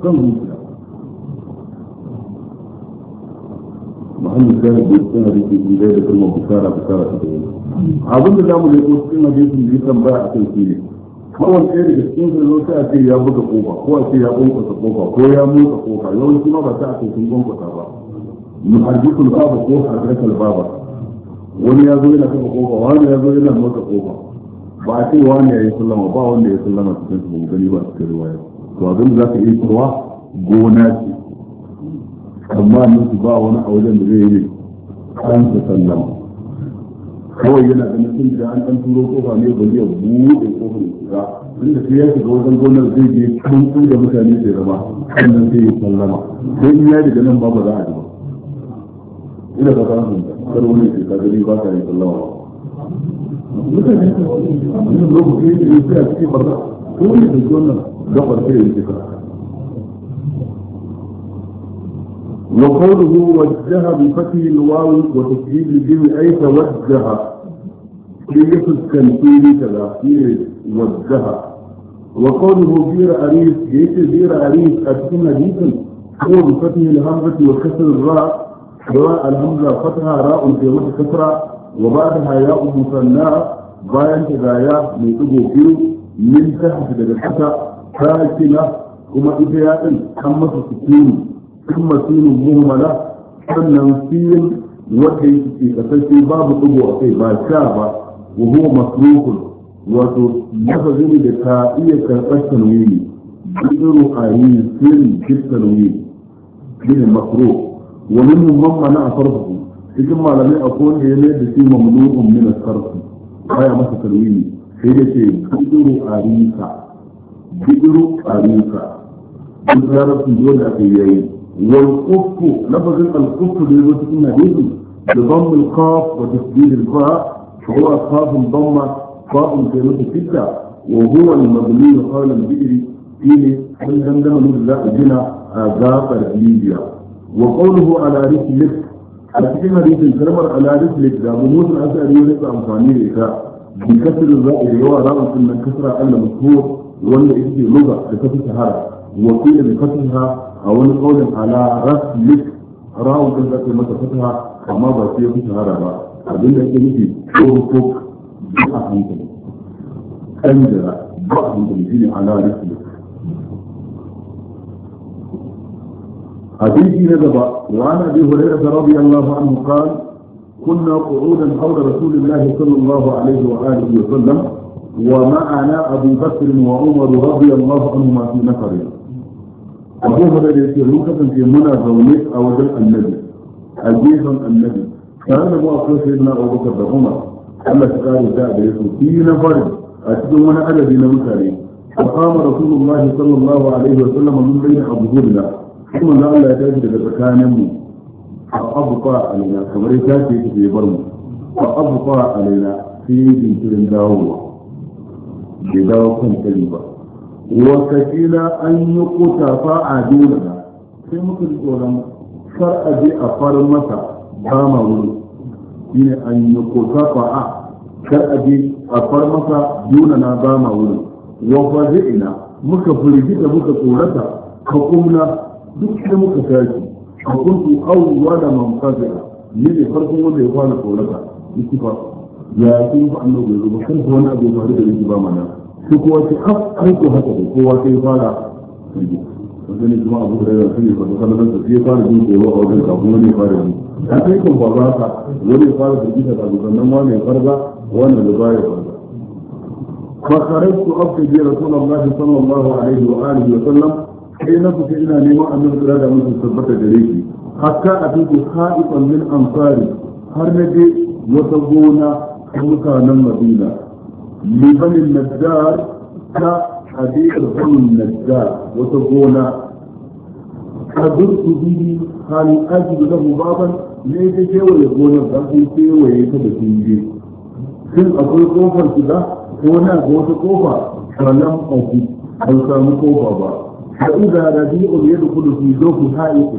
kan zuciya muhammad zahid da cikin da shi dai da kalmar bukara bukara ta dai abin da zamu leko cikin hadisin da ya tambaya a kan shi ne kawai ɗaya daga cikin su zo sai a ce ya buga kofa ko a ce ya kwankwasa kofa ko ya motsa kofa yawanci ma ba ta a ce sun kwankwasa ba muhajjisul baba ko hadrakal baba wani ya zo yana kafa kofa wani ya zo yana motsa kofa ba a ce wani ya yi sallama ba wanda ya sallama cikin su ba gani ba cikin riwaya to abin da za ka iya cewa gona ce amma ne su ba wani a wajen da zai yi an su sallama kawai yana da mutum da an ɗan turo kofa ne ba zai buɗe kofar shiga inda sai ya shiga wajen gonar zai je kan da mutane sai zama sannan zai yi sallama sai in ya daga nan ba ba za a ji ba ina ba san sun kar wani ke ka gari ba ta yi sallama mutane ne lokaci ne sai a cikin barna ko ne da wannan gabar sai ya shiga وقوله وجه بفتح الواو وتشديد الجيم اي توجه في التنفيذ كذا في وجه وقوله بير عريس ليس بير عريس أتكون حديثا هو بفتح الهمزة وكسر الراء راء الهمزة فتحها راء في وجه كسرى وبعدها ياء مثنى باين كذا ياء من تبو بيو من تحت الحسى ساكنة وما إذا ياء حمس السكين ثم سين مهملة sannan fiyin wanda yake kasance babu ɗigo a kai ba sha ba wa huwa wato nasa lafazi da ta iya karɓar tanwini bidiru a yi sirri duk tanwini shine masruf wani min man mana a sarfahu cikin malamai akwai wanda ya mayar da shi mamnu'un min sarfi baya masa tanwini sai da ce bidiru a risa bidiru a risa duk larabcin dole aka yi yayi والقف لفظ القف بالوتين به بضم القاف وتسديد الفاء فهو قاف ضمة قاف كلمة ستة وهو المبني قال الجدري فيه من جندم نزل جنا ذاق ليبيا وقوله على رجلك كلمة دي تنكرمر على رجلك ذا بموت الأزهر يوليك أمفاني لك بكسر الرأي هو رغم أن الكسرة ألا مكهور وأن إيدي لغة لكسر سهارة وقيل بفتحها أو قول على رسلك راو كان ذاك متى فما أما في شهر رابع أبين ذاك يجي فوق بقى أنت أنجل بقى على رسلك حديثي نزبا وعن ابي هريره رضي الله عنه قال كنا قعودا حول رسول الله صلى الله عليه واله وسلم ومعنا ابو بكر وعمر رضي الله عنهما في نفرنا abu hada da yake mun kasance muna zaune a wajen annabi a gefen annabi tare da mu akwai sai na abubakar da umar Allah ta kare da da yake shi na farin a cikin wani adadi na mutane فقام رسول الله صلى الله عليه وسلم من بين أظهرنا ثم لا الله يتاجد بسكانه فأبقى علينا كما يتاجد في برمه فأبقى علينا في بنت داوة بداوة كريمة wa kafila an yi fa a dole sai muka ji tsoron kar a je a farin masa ba ma wuri shi ne an yi kutafa a kar a je a far masa dole na ba ma wuri zai fazi'ina muka firgita muka tsorata ka kumna duk sai muka tashi a kuntu awwala man fazi'a ni ne farkon wanda ya kwana tsorata ikifa ya kin fa annabi ya zo ba kan wani abu ya faru da yake ba mana shi kowa ce kaf an ko haka da kowa sai fara wanda ne kuma abu da yawa sun yi fasa sanar da fara jin tsoro a wajen kafin wani fara jin ta kai kan ba za ka wani fara jirgin da kafin sannan wani farga wani da ba ya farga فخرجت أبتدي رسول الله صلى الله عليه kira da حين فتئنا da أن نرسل هذا من تثبت جريكي حتى har na je wata gona a mutanen madina. لبني النجار كحديث بني النجار وتقول حضرت به هل أجد له بابا ليس كيوي يقول الرب كيوي يتبكي به shin akwai kofar shiga ko na ko wata kofa sannan auku an samu kofa ba da iza da biyu ya dukulu fi zoku ha'iku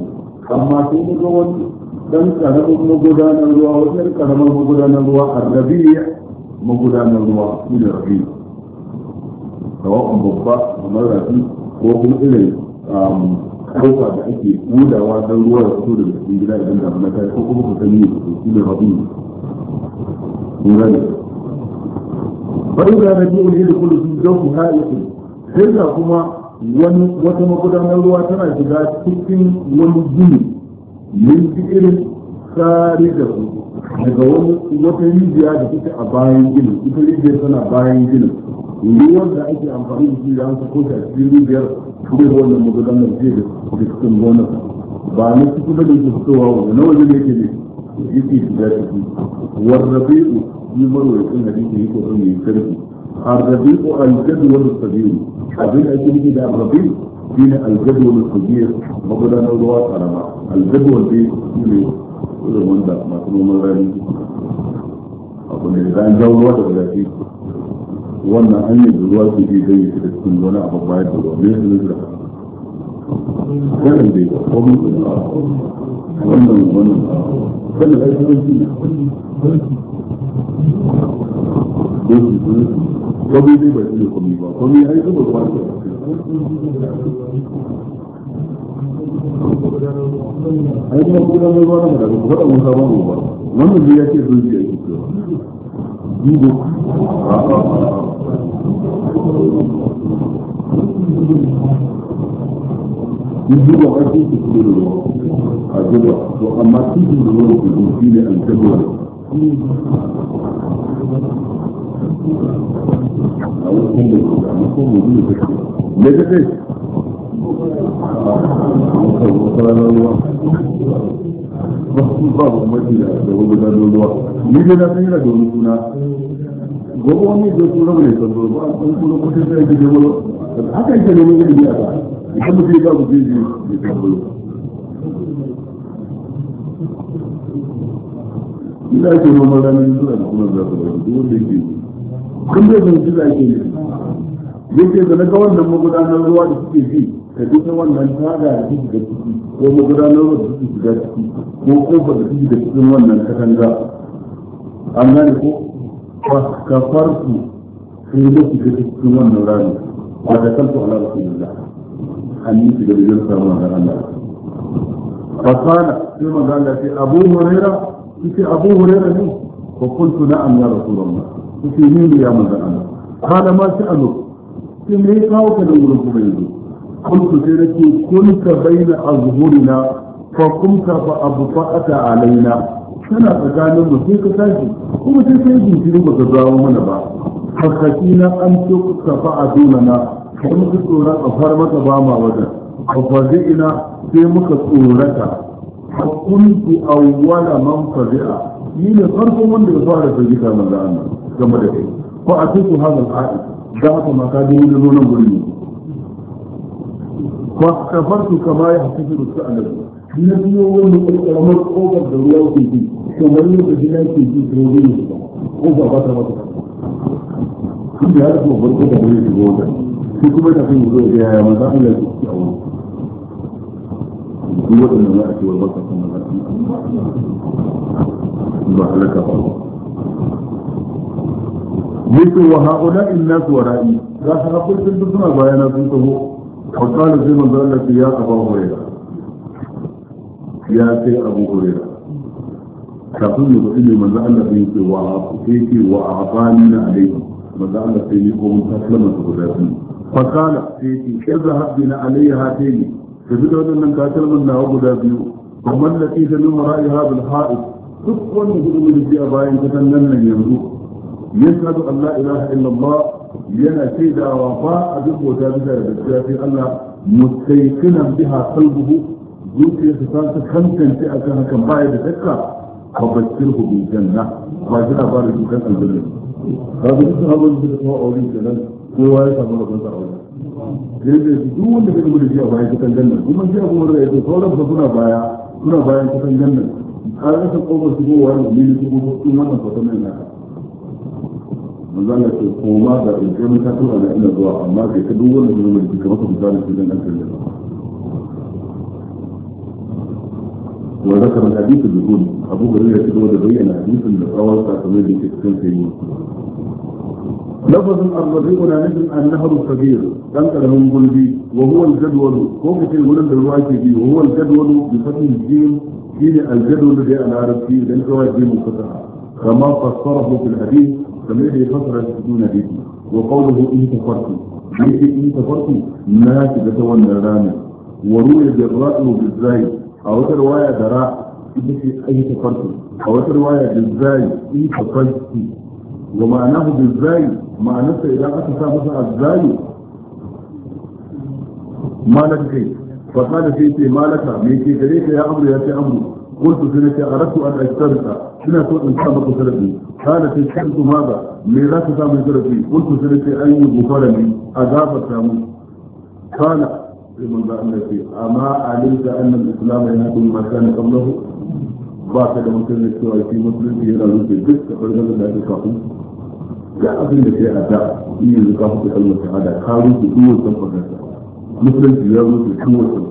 amma sai na ga wani dan karamin magudanar ruwa wata yar karamin magudanar ruwa magudanar ruwa su da rafi tawakon babba kamar rafi ko kuma irin kofa da ake hudawa don ruwa ya fito daga cikin gida idan da na kai ko kuma ku sani su da rafi kun gane fa'ida na biyu ne da kullum don ku haɗe sai ka kuma wani wata magudanar ruwa tana shiga cikin wani gini min irin tsari da su daga wata rijiya da take a bayan ginin ita rijiyar tana bayan ginin ruwan da ake amfani da shi da an sako shi a cikin rijiyar kuma ruwan da magudan nan zai da cikin gonar ba na cikin da yake fitowa wanda na wajen yake ne yake shiga ciki warrabi'u shi marwayacin hadisi yake son yi karfi الربيع الجدول الصغير أبين أجل كده الربيع فينا الجدول الصغير مبدا نوضوات على الجدول دي irin wanda masu noman rani abu ne da an jawo ruwa daga wadafi wannan an yi da ruwa su ke gani su da cikin wani abu bayan da ruwa ne su da wannan dai komai wannan wannan wannan da ake rufi ne komai dai ba shi ne komai ba komai ai zuba ruwa ne a yi kuma kuma mai ruwa da ku faɗa mun sabon wannan zai zai yi a da a to amma da shi ne an a wasu da da ba ba mafi da gaba guda ruwa ni dai na san da wani suna gobe wani da su rabu ne san ba sun kuma kusa sai ke jebo haka yake neman ilimi a ba idan mutum ya ga ku zai je ya ina ce noman ranar suna da kuma zafi ba duk wanda yake kun zai zan ji za ke yi yake da na ga wannan magudanar ruwa da suke fi ka duka wannan taga da ciki da ciki ko magudanar da ciki da ciki ko kofar da take da cikin wannan katanga an gane ko faskafarku sai da shiga cikin wannan rami ba da kanku ala rasulullah hannun shiga da a garan da Allah fasana sai magana ce abu Su ce abu huraira ne ko kuntu na'am ya rasulullah yi ni ya manzo Allah kana ma sai alo sai me kawo ka da wurin kuma yanzu قلت سيرتي كنت بين أظهرنا فقمت فأبطأت علينا كان فكان مسيك ساجي كما سيكون في لغة الزاوة نبا فخشينا أن تقطع دوننا كما تقول أفرمة باما وجه ففزئنا في مكتورك فكنت أول من فزئ ni ne farkon wanda ya fara firgita manzo Allah game da kai fa a cikin hadal a'i da haka maka ga wani zo nan gurin فكفرت كما يحتفظ السألة نبي يقول الأمر قوبر دولة وكيدي كمالي وكيدي كيدي كيدي قوبر بطر بطر كل هذا هو قوبر قوبر في قوبر في قوبر في قوبر يا مدعو لك هو إن ما أتي والبطر كما أتي الله لك الله مثل وهؤلاء الناس ورائي راح أقول في البطنة بيانا بيانا فقال في من قال لك يا أبا هريرة يا سي أبو هريرة تقول إني من ذعل بيك وعطيك وأعطاني عليهم من ذعل بيك ومن تسلم تقول فقال سيتي كذا بنا علي تيني فبدأ أن من قاتل من الله أبو دابيو ومن التي تنم رأيها بالحائط تقوى من ذلك من الزيابين تتنم لن يشهد أن لا إله إلا الله yana shaidawa ba abin bauta bisa da gaskiya sai Allah mustayqinan biha zuciya zuciyarsa ta ta kankance kan hakan baya da shakka fa bashirhu bil janna ba shi labarin dukan aljanna kaga duk abin da kuma aure kenan kowa ya samu rabon sa aure sai da duk wanda ka gudu jiya bayan kusan jannan kuma jiya kuma da yake sauran sa suna baya suna bayan kusan jannan har rasa kofar shigowa da mili kuma sun wannan fatan nan naka zana ce koma da ƙirƙirin ta tura na ina zuwa amma ke ta duk wani zuwa da kamar misali su zan ɗan kirkira wa zakar hadisi da gudu abu gari ya shigo da bayyana hadisin da tsawon sakamai da ke cikin sayi لفظ الربيع نعرف النهر الكبير تنقل من قلبي وهو الجدول كوكب في الولد الواجبي وهو الجدول بفتح الجيم حين الجدول جاء العربي لأنه واجب مفتحة كما فسره في الحديث ضمير يفسر دون بيتي وقوله إن كفرت بيتي إن كفرت ما تتولى الرامي وروي بالراء وبالزاي أو رواية دراء بيتي أي كفرت أو رواية بالزاي إن كفرت ومعناه بالزاي معناه إذا أتى مثلا الزاي ما لك فقال سيتي ما لك ميتي كريك يا أمر يا أمر قلت سنك أردت أن أجترك هنا قلت إن شابك سلبي قالت الشرط ماذا ميراث سامي سلبي قلت سنك أي مفرمي أذاب سامي قال ابن بأمنا فيه أما علمت أن الإسلام ينادي ما كان قبله باطل من كل السؤال في مسلم هي لا يوجد جزء فرد الله في قاتل جاء في نفسي أداء هي إيه لقاه في حلمة هذا خالي في كل سنفر نفسه مسلم في يوم في كل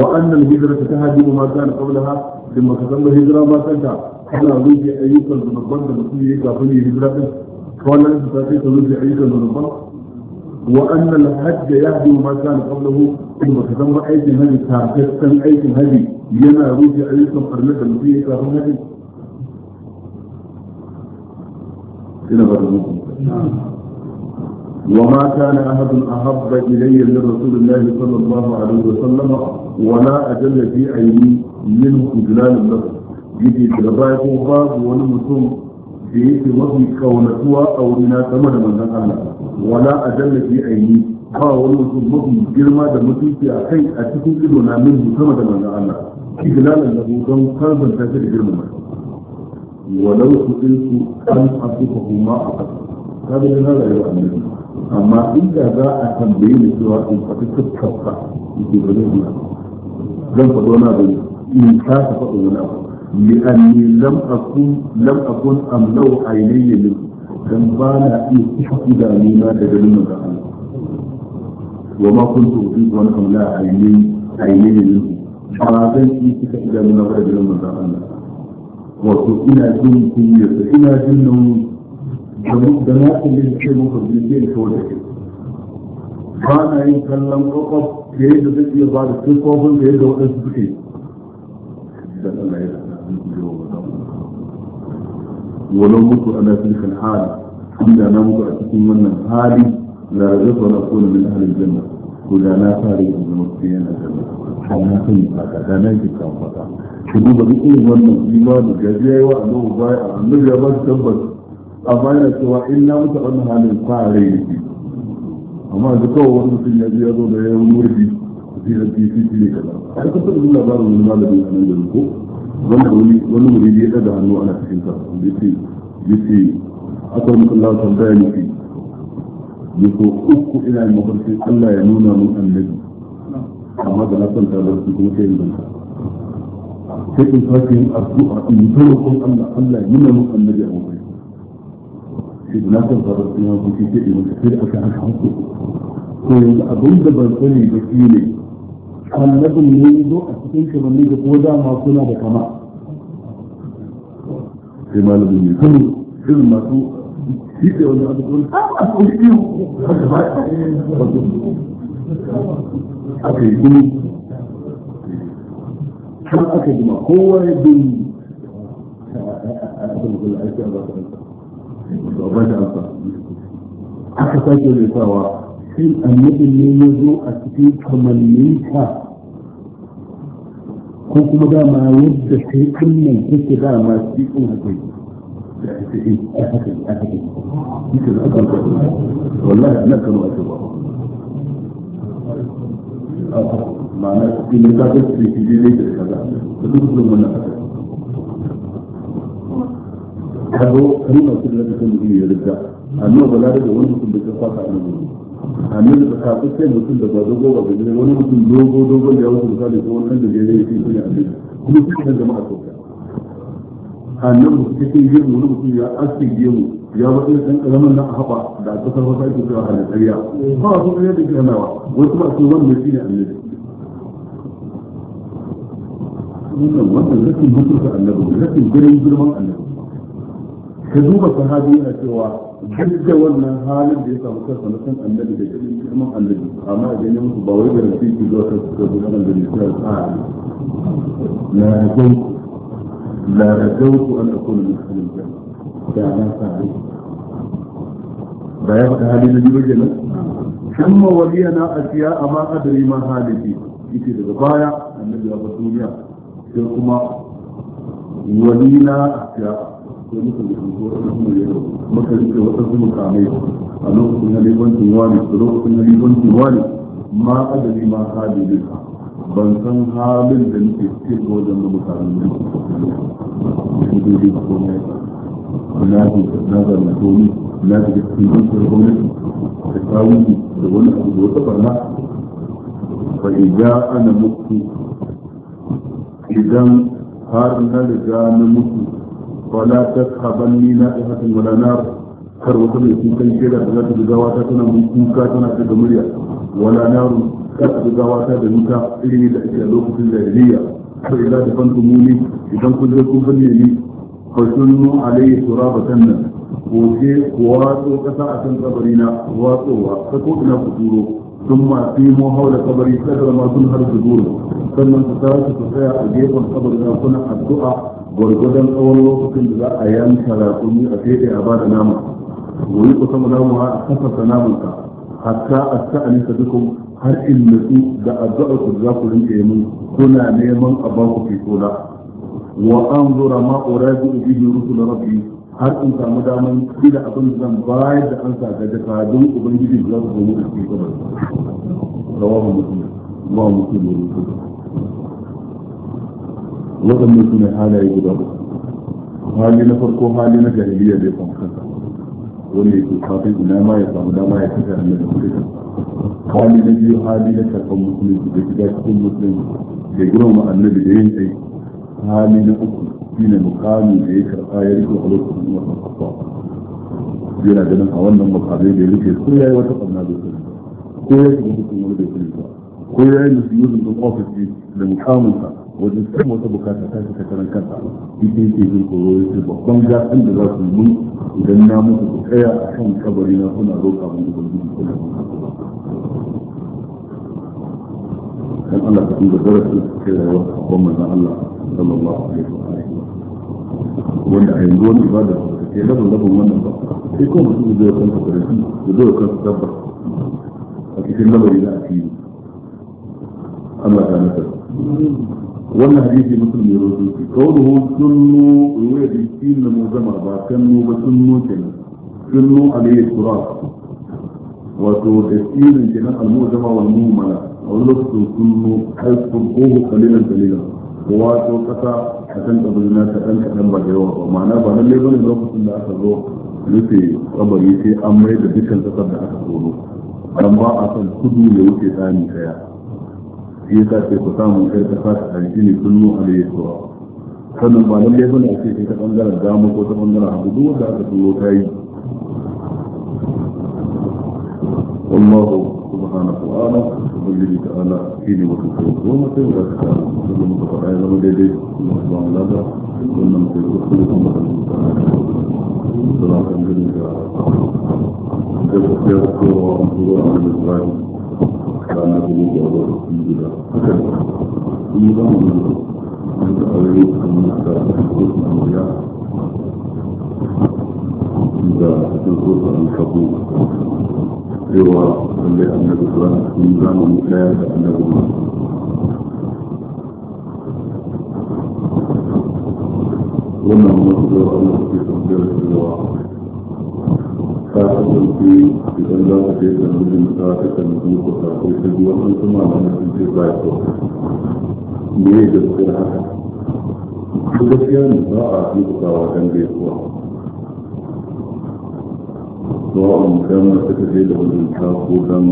وأن الهجرة تهاجم ما كان قبلها din baka san ba hijira ba kanka kana rufe ayyukan zunuban da mutum yayi kafin ya hijira din wannan su ta ce ka rufe ayyukan zunuban wa anna al-hajj yahdi ma kana qablahu din baka san ba aikin haji tarkatan aikin haji yana rufe ayyukan farnar da mutum yayi kafin haji ina ba da mutum وما كان أحد أحب إلي من رسول الله صلى الله عليه وسلم ولا أجل في عيني منه إجلال النفس جدي تلبايك وباب ونمتم في وفي كونتها أو إنا كمنا من الله ولا أجل في عيني ba wani mutum mafi girma da mutunci a kai a cikin ido na min sama da manzon Allah iglalan lahu don karbanta shi da girman mai walau su ɗin su an asuka kuma a ƙasa ta bi na rayuwa annabi amma inda za a tambaye ni cewa in faɗi tukkarsa yake ba zai iya zan faɗo na bai in ka ta faɗo na ba li'anni lam akun lam akun amlau ainayya min dan ba na iya kusa idanuna da ganin manzon Allah wa ma kuntu ubidu wani amla ainayya min ba zan iya kusa idanuna da ganin manzon Allah wato ina jin kunyarsa ina jin nauyin da nasin da ke muka bilgiyar ko da ke ba na yin kallon kwakwaf da yadda ولو مت انا تلك الحال عند انا مت اتكون من حالي لا رزق ولا اكون من اهل الجنه قل انا خارج من مكتين الجنه انا خير هكذا انا يجب كان فتح شنو بقول من الايمان الجزيه وانه بايع يا ما تثبت amma yana cewa in na mutu wannan halin fara yi amma da kawai wani mutum ya je ya zo da ya yi murfi fi da fi ne kaza a yi kasar zuwa labarin wani malami a nan da ko wanda wani wani muridi ya ɗaga hannu ana cikin sa ya ce ya ce akwai mutum lawa tambaya ne fi ya so uku ina yin mafarkin allah ya nuna mun annabi amma da na son tabar su kuma sai in zanta sai in sake yin addu'a in yi taimakon allah allah ya nuna mun annabi a mafarkin sai na san faru sun yawon kuki sai ɗin sai da aka haka haku to yanzu abin da ban sani ba shi ne annabin ne ya zo a cikin kamanni da ko dama suna da kama sai malamin ne kuma irin masu shi ne wani abu kuma a kuma iyo haka ba aka yi gini har aka jima kowa ya bin a ɗan kula aiki a ba to ba da amsa aka sake mai shin annabin ne ya zo a cikin kamanninka ko kuma dama yadda sai kunnan kake dama cikin hakai والله انا كانوا اتبعوا معناه في مكاتب في جديد كذا تدخلوا من kago kalima su da cikin mutum ya rija annabi ba lare da wani mutum da ke fata a nan annabi ba ka kai mutum da ba dogo ba gajere wani mutum dogo dogo da ya wuce misali ko wani kan gajere ya fi suna a kai kuma su kan jama'a sauka annabi ba su kai yin wani mutum ya aske gemu ya matsayi ɗan ƙaramin na haɓa da kasar wata ake cewa halittariya ba a sun yadda ke hanawa wasu ba su wannan shi ne annabi wannan wannan rashin mutunta annabi rashin girman girman annabi كذوب الصحابي هو جد ولا هالب ديك أبو كرت مثلا أن النبي بيجي يسمع أن النبي أما جاني من بواي بيرسي في جوات كذوب أن النبي سال لا رجوت لا رجوت أن أكون مسلم جم كان سعيد بيان هذه النبي بيجي ثم ولينا أشياء ما أدري ما هذه هالبي يتي الغباية النبي أبو سوريا ثم ولينا أشياء sai muka yi kusurar kuma yau muka rike wata su mukamai a lokacin halibancin wani a lokacin halibancin wani ma adali ma hali ne ban san halin da nake cikin wajen da mutanen ne da zai ko mai na ji na zarna komi na ji da cikin kwanciyar gwamnati da kawunki da wani abu da wata barna fa ija ana mutu idan har na riga na mutu ولا تسحبني أحة ولا نار كروتم يكون كي كيدا بغات بغواتاتنا من كوكاتنا في دمريا ولا نار كات بغواتات المكا إلي لأيك ألوك في الزهلية فإلا دفنتموني إذن كل يكون فنيني فشنوا عليه سرابة النار وكي قواتوا كساعة قبرنا قواتوا فكوتنا فتورو ثم أقيموا حول قبري سجر ما تنهر الزجور ثم انتصارك تسيع أجيب القبر إذا كنا الدعاء gwargwadon tsawon lokacin da za a yanka rakumi a taiɗe a ba da nama wani kusa mu namu a kasarsa ka hatta a sa'anisa duka har in nutsu da addu'ar ku za ku rinke yi mun kuna neman a ba ku fitola wa an zura ma uraji bihi na rabbi har in samu daman da abin da zan bayar da an sa ga don ubangiji za su zo mu da mutum ba mutum wa muslim waɗannan su ne halaye guda uku hali na farko hali na jahiliya da ya samu kanta wani yake fatan ina ma ya samu dama ya kashe annabi da hali na biyu hali na karɓar musulunci da shiga cikin musulunci da girma annabi da yin aiki hali na uku ne mukami da ya karɓa ya rike a lokacin umar ɗan kasuwa yana ganin a wannan mukamai da ya rike ko ya yi wata ɓarna da sun ko ya shiga hukun wani da sani ba ko ya yi musulunci da ɗan ofis da mukaminsa wajen kan wata bukata ta shi kasaran kansa ita yake jin koro ya ce babban gaɗin da za su yi mun idan na mutu ku tsaya a kan kabari na kuna roƙa mun da gudu kuna kan Allah ta inda zarafi kai rayuwa a kwan manzan Allah sallallahu alaihi wa alihi wanda a yanzu wani ibada ke lafa lafa wannan ba sai kuma mutum zai kan kabari da zai kan tabbata a cikin lamari na a fili Allah ta nasara wannan hadisi mutum ne rubu qawluhu sunnu ruwaya bi sin muzama ba kannu ba sunnu kenan sunnu alayhi turab wato da sinin kenan al-muzama wal mumala a wani lokacin sunnu har sunquhu qalilan qalilan wato kasa a kan kabarina kaɗan kaɗan ba da yawa ba ma'ana ba lallai bane lokacin da aka zo rufe kabari sai an mai da dukkan kasar da aka tsoro dan ba a son tudu ya wuce tsani daya ya sa sai ku samu kai ta fata a shi ne kullu alayhi sawa sannan ba lalle bane a ce ta bangaren dama ko ta bangaren hagu duk wanda aka turo ta yi والله سبحانه وتعالى وبالله تعالى حين وتكون وما تنزل تعالى كل ما تقرأ هذا ما دي دي الله لنا كل ما تقرأ كل ما تقرأ صلاة من جنة جنة جنة جنة جنة جنة ranar da ya ba su yi ba haka yi ba mu an ta aure kamar da ko su na da cikin ko su da kabo cewa lallai annabi sallallahu alaihi wasallam zamani daya da annabi wannan mutuwar Allah ce idan za ka kai da ta kan ko ta kai ta an kuma ba ya ya haka gaskiya ne a fi bukawa dan gaisuwa ko a da ta ko dan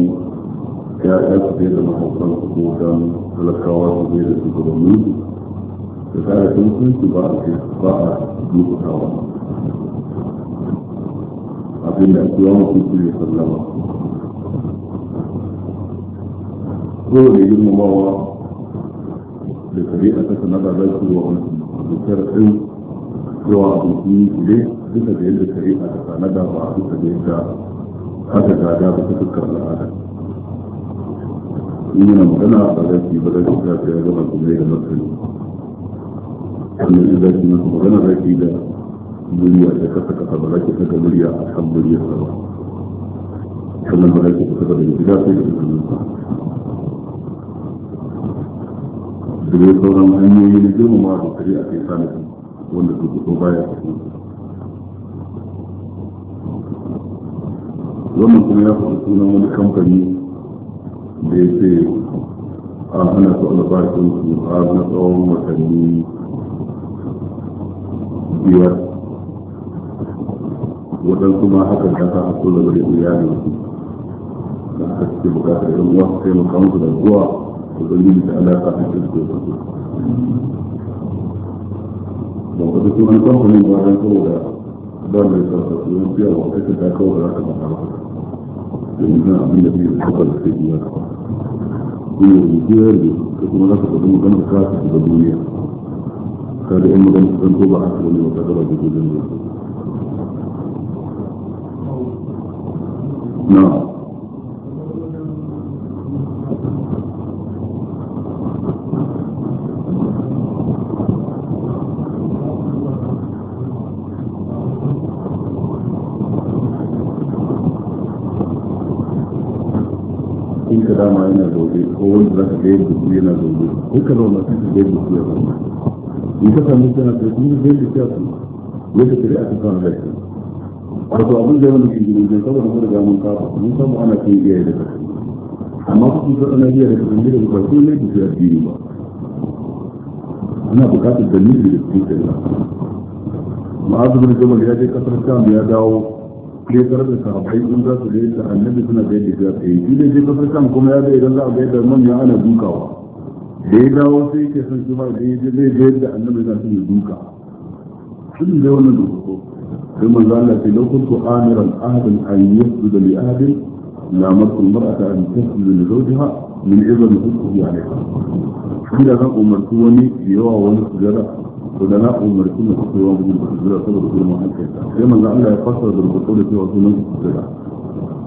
ya'ya su kai da mahaukan ko dan talakawa su kai da da kare sun ba a fi abin da ake yawan su ne sallama kowane girmamawa da shari'a ta sanada za su wa wani dokar ɗin cewa abinci ne duka da yadda shari'a ta sanada ba duka da yadda aka gada ba ta fuskar al'ada in yana magana ba za su yi ba za su ta ya gaba su mai da martani sannan in za su yi masa magana za su yi da murya da kasa kasa ba za ki saka murya a kan murya ba sannan ba za ki saka da gida sai da izinin sa da dai sauran hanyoyi na girmama da kare a kai sanadin wanda su fito baya a cikin wannan kuma ya faɗi sunan wani kamfani da ya ce a hana su albashinsu a na tsawon watanni biyar wajen kuma hakan ta sa hakan da bari iyali da aka cikin bukatar yan uwa su taimaka musu da zuwa ubangiji da Allah ta hakan su da su ba ku da sunan kamfanin ba ran saboda ba mai sarrafa yan fiya wa aikin ta kawo da aka faɗa ba domin suna abin da bai da kafa da sai biya ka kuma yi biyar da ka kuma za ka faɗi maganar ka su da duniya ka da yan maganar kan ko ba haka wani wata gaba da gudun da in dama yana ko wanda ga yadda su yana ko ka zauna su ga yadda su yana in ka samu tana kuma ka a cikin wato abin da yawan ke gini zai saboda mun riga mun kafa mun samu ana kan iyaye da kasu amma kuma sai ana iyaye da kasu ne da ba sai ne da su addini ba ana bukatar da nufi da cikin shari'a ma'azu bin jamal ya je kasar sham ya dawo ne karar da sahabbai sun za su gaisa annabi suna da yadda ya tsaye shi ne je kasar sham kuma ya ga idan za a gaisa manya ana dukawa da ya dawo sai ke son shi ba da ya je zai ga yadda annabi za su yi duka sun da wannan dukokowa ثم قال لو كنت آمرا أحدا أن يسجد لأحد لامرت المرأة أن تسجد لزوجها من عظم حقه عليها إذا أنا أمرت وني يوا ونسجد سجارة ولا أنا أمرت أن تسجد يوا وني سجارة صدق كل ما حكيت كما قال الله يفسر بالبطولة في وصول السجارة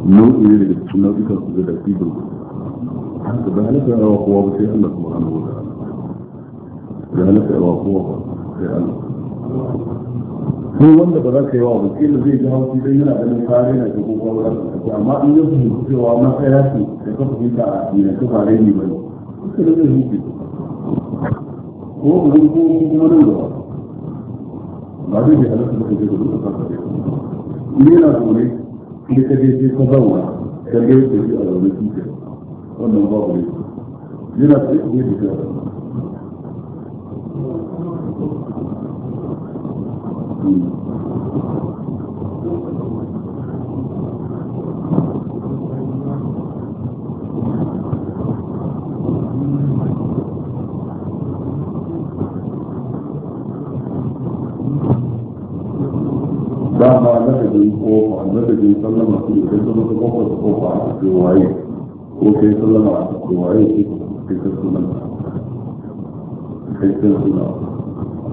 نوع إلى نوع إلى السجارة في بالبطولة حتى بهلك أو قوة بشيء الله سبحانه وتعالى بهلك أو قوة بشيء الله ko wanda ba za ka yi wa ba zai ji haushi don yana ganin kare na ko kuma ba amma in ya fahimci cewa matsaya ce da ka fahimta a addinin ta fara yi ba ne suka da zai huce ko ba ko kuma nan gaba ba zai bai halatta da duka kuma ne kuma zaune ka ka zauna ka ga yadda shi a zaune ke wannan ne yana da shi a zaune dama ladadin kofa ladadin sallama su da kai zama ta kofa da kofa a cikin waye ko kai sallama a cikin waye ko kai ta sallama kai ta sallama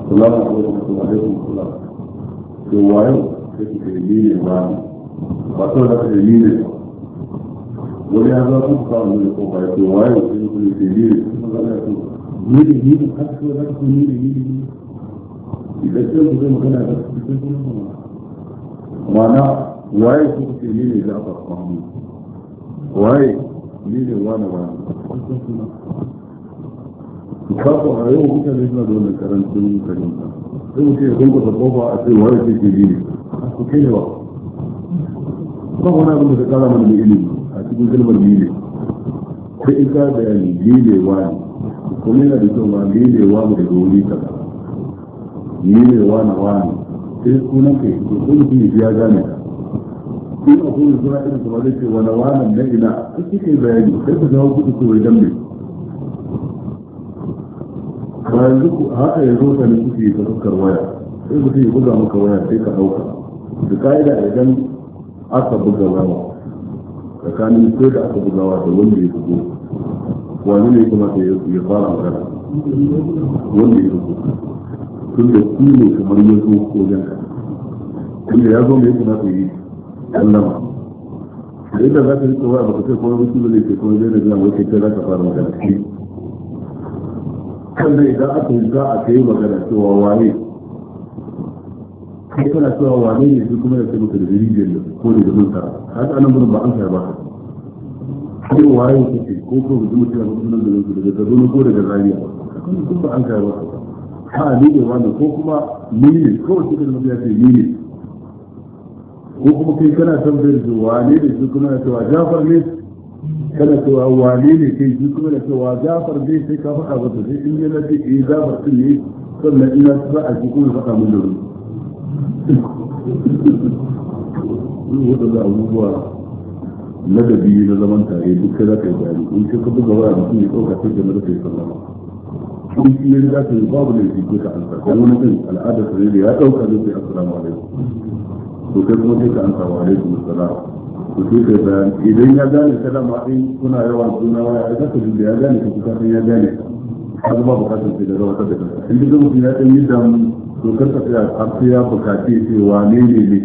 salamu alaikum wa alaikum salam to wayo da ke ba ba sau da ka dalilin wani ya zafi ku kawo ne ko ba to wayo da ke dalilin ni da ni da ka so za ka ni da ni da ni ku zai magana da su sai kuma ma'ana waye ku ke ni ne za ka fahimu waye ni ne wani wani ku kafa a yau mutane suna da wannan karancin karinta sai mutum sun kunta kofa a ce wani ce ke gini ku kai ne ba ba wani abin da ta kara mana ilimi a cikin kalmar gini sai in ka bayani gini wani kuma yana da kyau ba wa wani daga wuri ka gini wani wani sai sunan kai ko kuma mutum ya gane ka in akwai suna irin su ba zai ce wani wani na ina sai kai bayani sai ka jawo kuɗi ko dambe ba a ku haka yanzu sani kuke ta fuskar waya sai mutum ya buga maka waya sai ka ɗauka da ka'ida idan aka buga waya tsakanin sai da aka bugawa da wanda ya bugo wani ne kuma ta ya fara magana wanda ya bugo tun da shi ne kamar ya zo ko yanka da ya zo mai kuma ta yi allama da inda za ka yi kowa ba ka sai kowa wasu zai ke kowa zai da zama wata kai za ka fara magana sannan idan aka yi za a kai magana cewa waye kai kana cewa waye ne su kuma da su da jirgin da ko da gudun ta haka anan nan ba an kai ba kai waye kake ko ko da nan da mutum da daga gudun ko daga zariya kuma ba an kai ba ha ni ne wannan ko kuma ni ne kawai shi da mutum ya ce ni ne ko kuma kai kana tambayar su wane ne su kuma da cewa jafar ne كانت أوليني كي يكون وجافر بي في كفحة وتفيق إني لدي إذا برسلني قلنا إنا سبع الجكملة فقط من جرم الوضع الأبوة ندى بي إلى زمان تعيب كذا كذلك وإنك قبل جوايا بسني أوكا تجد مدى في صلى الله وإنك من ذات الباب الذي يجبك عن فرقان ونقل العادة سريلي أوكا نبي أسلام عليكم وكذلك أنت وعليكم السلام to sai kai bayani idan ya gane ka dama in kuna yawan suna waya ai zaka ji ya gane ka kuka ya gane ka ba bukatar sai da rawa ta da kanka in duk mutum ya dan yi damu to kar ka tsaya har sai ya bukaci cewa ne ne ne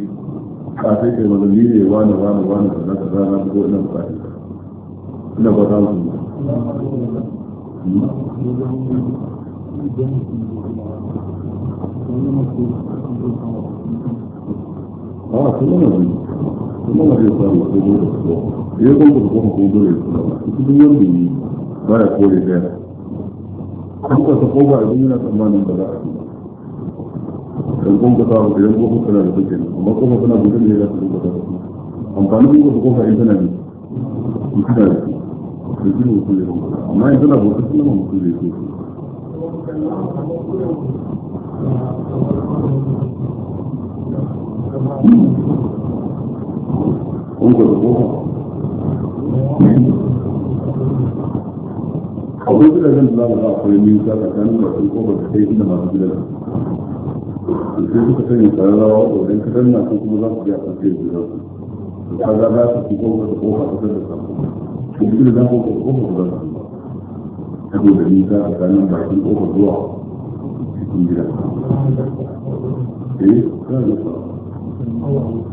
ka sai kai magani ne wani wani wani da na kaza na ko ina bukaci ina ba ta mutum Ah, tudo bem. suna zai samu a tsohon da su da ya kwanta kuma kuma dole ya kula ba ita duk wanda yi ba ya kore daya an kasa ko ba abin yana tsammanin ba za a yi yan kwanta ta wata yan kwanta tana da suke ne amma kuma tana gudun ne za su zuba da su amfanin kuma su kofa in tana ne in tana da su da shi ne mutum ya kwanta amma in tana bautar suna ma mutum zai so Thank you. kun ko ko akwai gidajen da za a akwai nisa tsakanin masu kofar da kai inda masu gidajen sai suka sanya tsararrawa wajen kadan na ko kuma za su biya ƙarfe da za su kaga za su fi kofar da kofar da kasar da samu su bi da kofar da kofar da za su ba saboda nisa tsakanin bakin kofar zuwa cikin gida eh kana da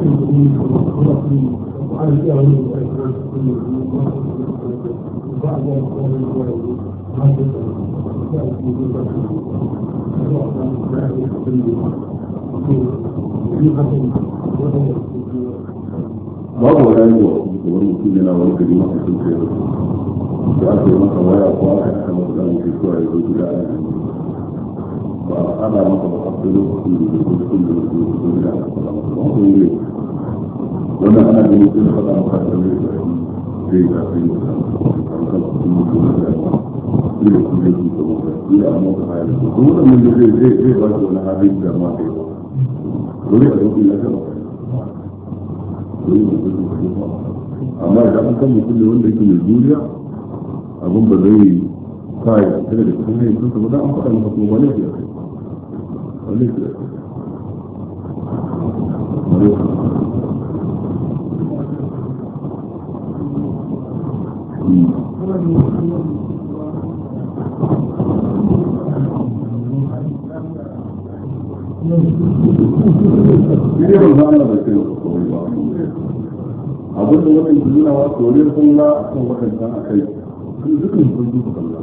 babu wa rayu kamar mutum yana wani gari masu sun kai da aka yi masa waya ko aka yi masa da mutum zuwa ya zo gida a yanzu وأنا متفضل كل كل كل كل وأنا أنا من كل خطأ مقدم في في amma da an kan mutum wanda yake mai juriya abin ba zai kai daga cikin hanyar sun saboda an faɗa maka kuma wani ke وليس Biliyorum zamanla bakıyorum. Abin da wannan nuna wa tsoron kalla a kan waɗanda a kai. Dukkan sun zuba kalla.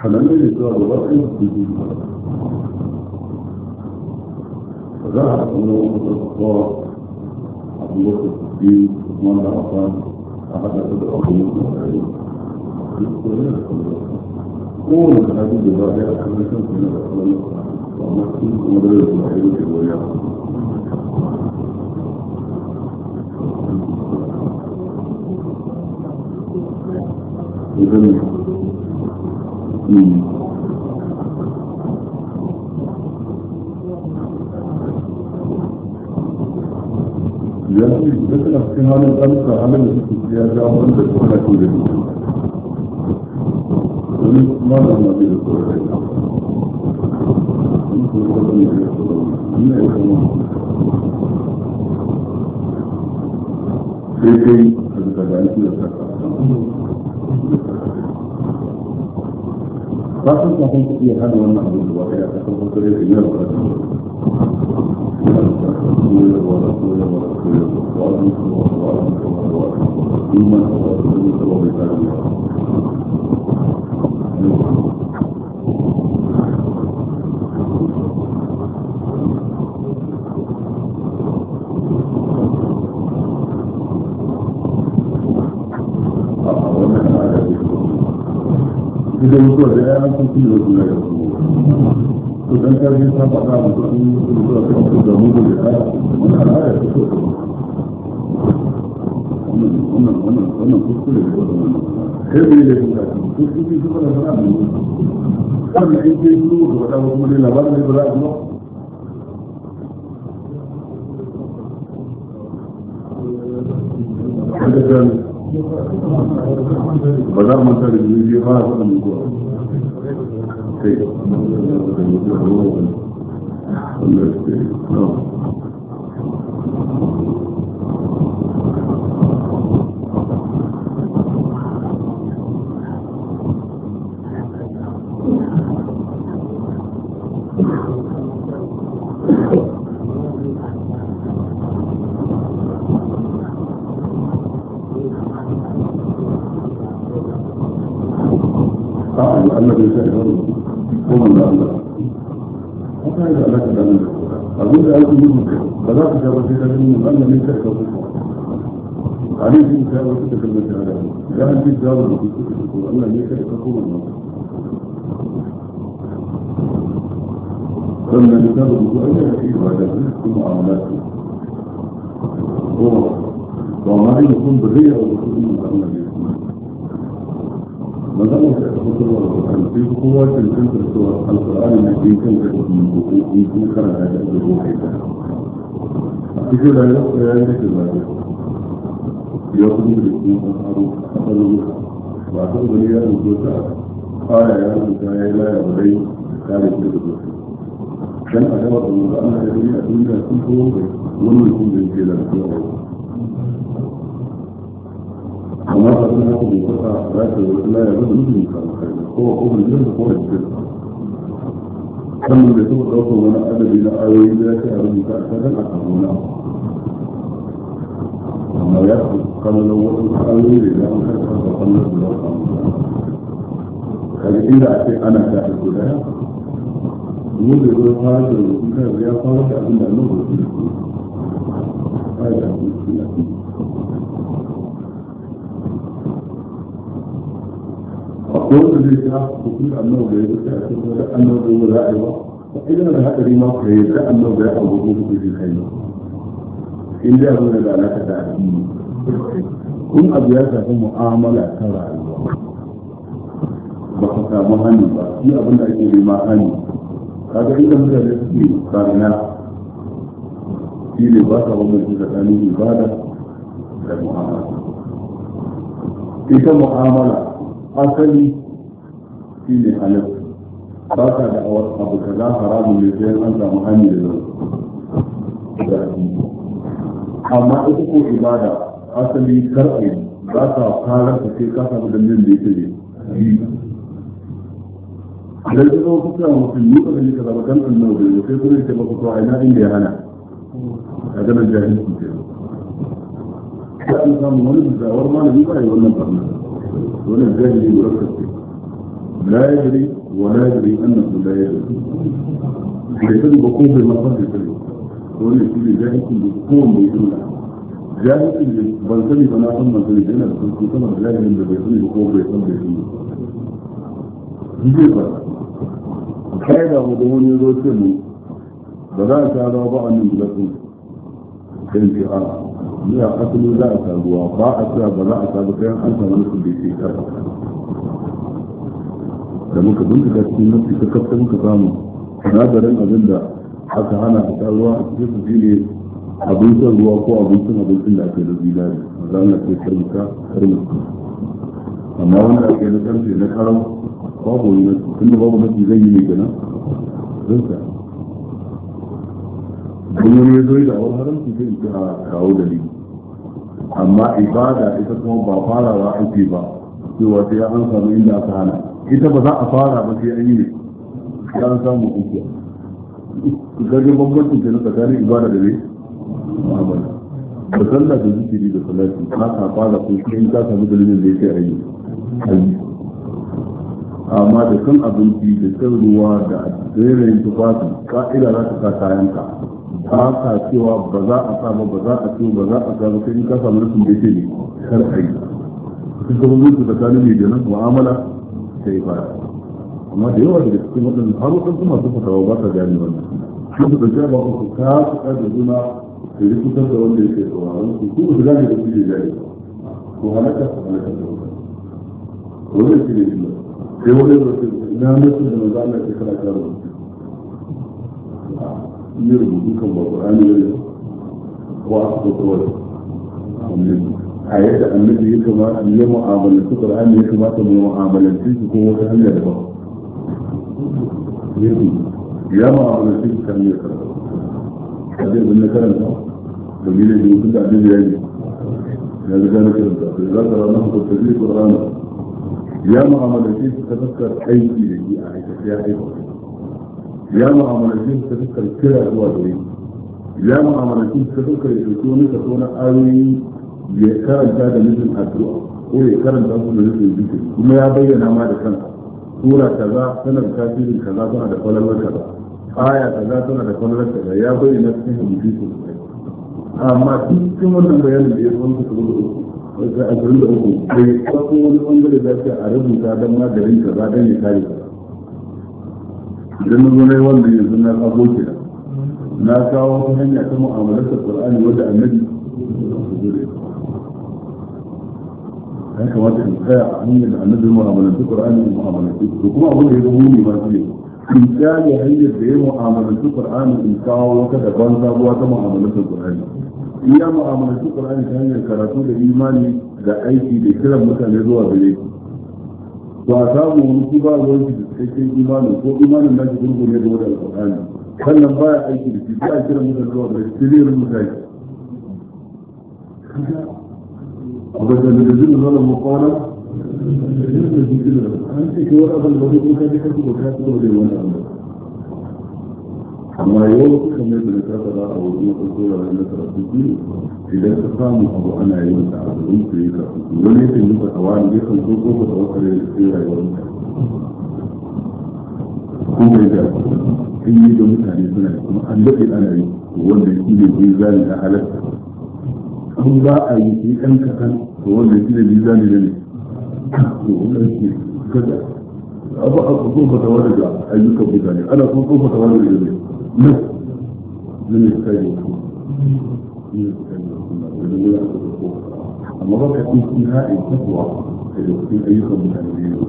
Halan ne zuwa gaba ɗaya su zuba kalla. فذهب من عمر الخطاب ابو بكر الصديق عثمان بن عفان احد اسد العظيم قول هذه الجبارية أحمد شمس من الأسلام ومسكين ومدرس الوحيد في الولايات إذن yanzu da suna cikin halin ɗansa halin da suke ya ja wanda suna ke da wani ma da na da tsoron sai dai a duka da yanki da saka ba su kafin kuɗi hada wannan abin da ba ya kasar kusurai da yau da رسولا ورسولا ورسولا صادقا وصادقا وصادقا رسولا ورسولا وبكلمه Então, o projeto é um pouquinho outro, né? to dan ka yi saba ka bu su zuwa kan su da mu da ka wani al'ada ta so ka wannan wannan wannan wannan kuskure da wannan sai bai da kuma kuskure su kana fara mu kan da in kai su da wata kuma dai labarin da za a kuma ba za mu manta da jirgin fara faɗin mutuwa sai Allah sai Allah bai sai ومن لا الله وكان إذا ألاك دعنا أقول لأيك منه فلا تجاب في هذا من أن من تحت عليك إن شاء الله تتكلم في هذا لا أنت تجاب في كتبك وأن من تحت قوم الله فلما نجاب بسؤال يحيي بعد ذلك معاملاته وما يكون بالرئة وبكل من أن من ما زال يتحدث عن في قوة تنتظر سوى القرآن الذي كان يكون كان هذا الجو حيثا أكيد لا يوجد ذلك ذلك يقوم بالإسلام أصحابه أقلوا وأعتقد لي أن الزوجة قال يا أنت لا يا بني قال يجب كان أجابة الله أن هذه الدنيا كنت ومن كنت في ذلك amma ba su haka ne za ta yi wasu laya ba su ka makari ko a kuma jirka ko a cikin sannan da suka ɗaukar wani adadi na ayoyi da ya ce a rubuta a sadan a samu amma ya fi kallon wasu ayoyi da ya an karɓar da kallon da za samu kaga inda a ce ana ta a guda mu da zo fara da rubuta ya fara da abin da ya أقول لك بكل أنه لا يبقى أنه أنه لا أيضا فإذا هذا لما قيل أنه لا أبوه في الحين إن جاء من العلاقة تعليم كن أبياتك معاملة ترى baka samu hannu ba shi abin da ake nema hannu kaga inda mutane suke barna shi ne ba sa wannan shi tsakanin ibada da mu'amala ita mu'amala asali shi ne halal ba ka da awar abu ka za haramun ne sai an samu hanyar da amma ita ko ibada asali karɓe za ka fara ka sai ka samu dalilin da yake ne dan zo kuka musulmi ba ne kaza ba kan annabi da sai kuma yake ba kuka ina da ya hana a ganin jahilci ke da an samu wani zawar malami ba yi wannan barna ولا الجاهل يركز فيه لا يدري ولا يدري أنه لا يدري لكن بكون في المصدر يدري ولا يدري جاهل بكون بيدري جاهل بنتني فأنا أصلا بنتني جانا بس كنت أنا جاهل من بيدري بكون بيدري بيدري يجي بقى كذا ودوني روتي مو بدأت هذا بعض من بلادهم كنت أعرف miya asali za a sa ruwa ba a cewa ba za a sa ba kayan an samu nufin da ke kasa da muka bincika cikin nufi ta kasa muka samu sinadarin abin da aka hana a sa ruwa a cikin su shi ne son ruwa ko abincin abincin da ake da zinari za a ce karnuka karnuka amma wanda ake na karfe na karam babu wani nasu tunda babu nasu zai yi ne gana zan sa don wani ya zo yi da awar haramci zai a kawo dalili amma ibada ita kuma ba farawa ake ba cewa sai an samu inda aka hana ita ba za a fara ba sai an yi ne sai an samu ukiya gaje bambancin ta na tsakanin ibada da ne mu'amala da sallah da zikiri da salati ba ka fara ko sai in ta samu dalilin da yake ayi ayi amma da kan abinci da kan ruwa da yin tufafi ka'ida za ka sa kayanka ba ka cewa ba za a samu ba za a ciwo ba za a samu sai in ka samu rashin da ke ne kar a yi cikin kuma zuci tsakanin mai da nan mu'amala yi ba amma da yawa daga cikin waɗanda har waɗansu masu fatawa ba ka gane wannan shi su ɗauki ba ku ka fuka da juna da ya kusa da wanda yake sauraron su ku su gane da kuke gane ko halaka halaka da wani wannan shi ne jimla sai wani zai na mutu da maza Allah ya kira karo yi rubutu kan ba ƙur'ani ne wa a suka kawai a yadda annabi ya kamata ya mu'amalanci ƙur'ani ya kamata mu mu'amalanci shi ko wata hanya da ba ya mu'amalanci shi kan ya karɓa a zai bin na karanta da gina da mutum da abin ya yi ya zaga na karanta da za ka rana ko tafi ƙur'ani ya mu'amalanci shi ta fuskar aiki da ke a aikata ya aikata ya mu'amalace su ta fuskar da ya mu'amalace su ta fuskar wani na ayoyi karanta da ko ya karanta da kuma ya bayyana ma da kanka sura kaza tana ta tasirin kaza tana da kwalalar da ya bayyana cikin cikin wannan bayanin da ya zama su da uku da da uku bai kwakwa wani bangare da a rubuta don maganin kaza don ya kare kaza idan na zo na yi wanda yanzu na kago ke na kawo wata hanya ta mu'amalar da qur'ani wanda annabi ya kamata in tsaya a hanyar da annabi mu'amalar da qur'ani in mu'amalar da kuma abin da ya zama ne ma shi in kyale hanyar da ya mu'amalar da qur'ani in kawo wata daban sabuwa ta mu'amalar da qur'ani iya mu'amalar da qur'ani ta hanyar karatu da imani da aiki da kiran mutane zuwa gare shi ba samu wani shi ba ruwan shi da cikakken imani ko imanin nashi gurgur ne game da alƙur'ani sannan baya aiki da shi sai a kira mutane zuwa ga sirrin mutane وبدل الذين ظلموا قولا أنت كورا بل بدو كنت كنت كنت كنت كنت كنت كنت amma yau kamar da ta fara a wajen matsakura na karatu ne idan ka samu abu ana yin sa a gaban ku yi karatu wani ya kan yi fatawa ne ya kan zo ko fatawa kare da sai rayuwar kun bai da sun yi da mutane suna yi kuma an daɗe ana yi wanda shi ne zai zani na halatta an ba a yi shi ɗan kaɗan to wanda shi ne zai zani na ne to wanda shi kada abu a kofar fatawa daga ayyukan mutane ana kuma kofar fatawa daga ne نفس من يستيقظ من من المضاقع في انتهاء الفتوى في من من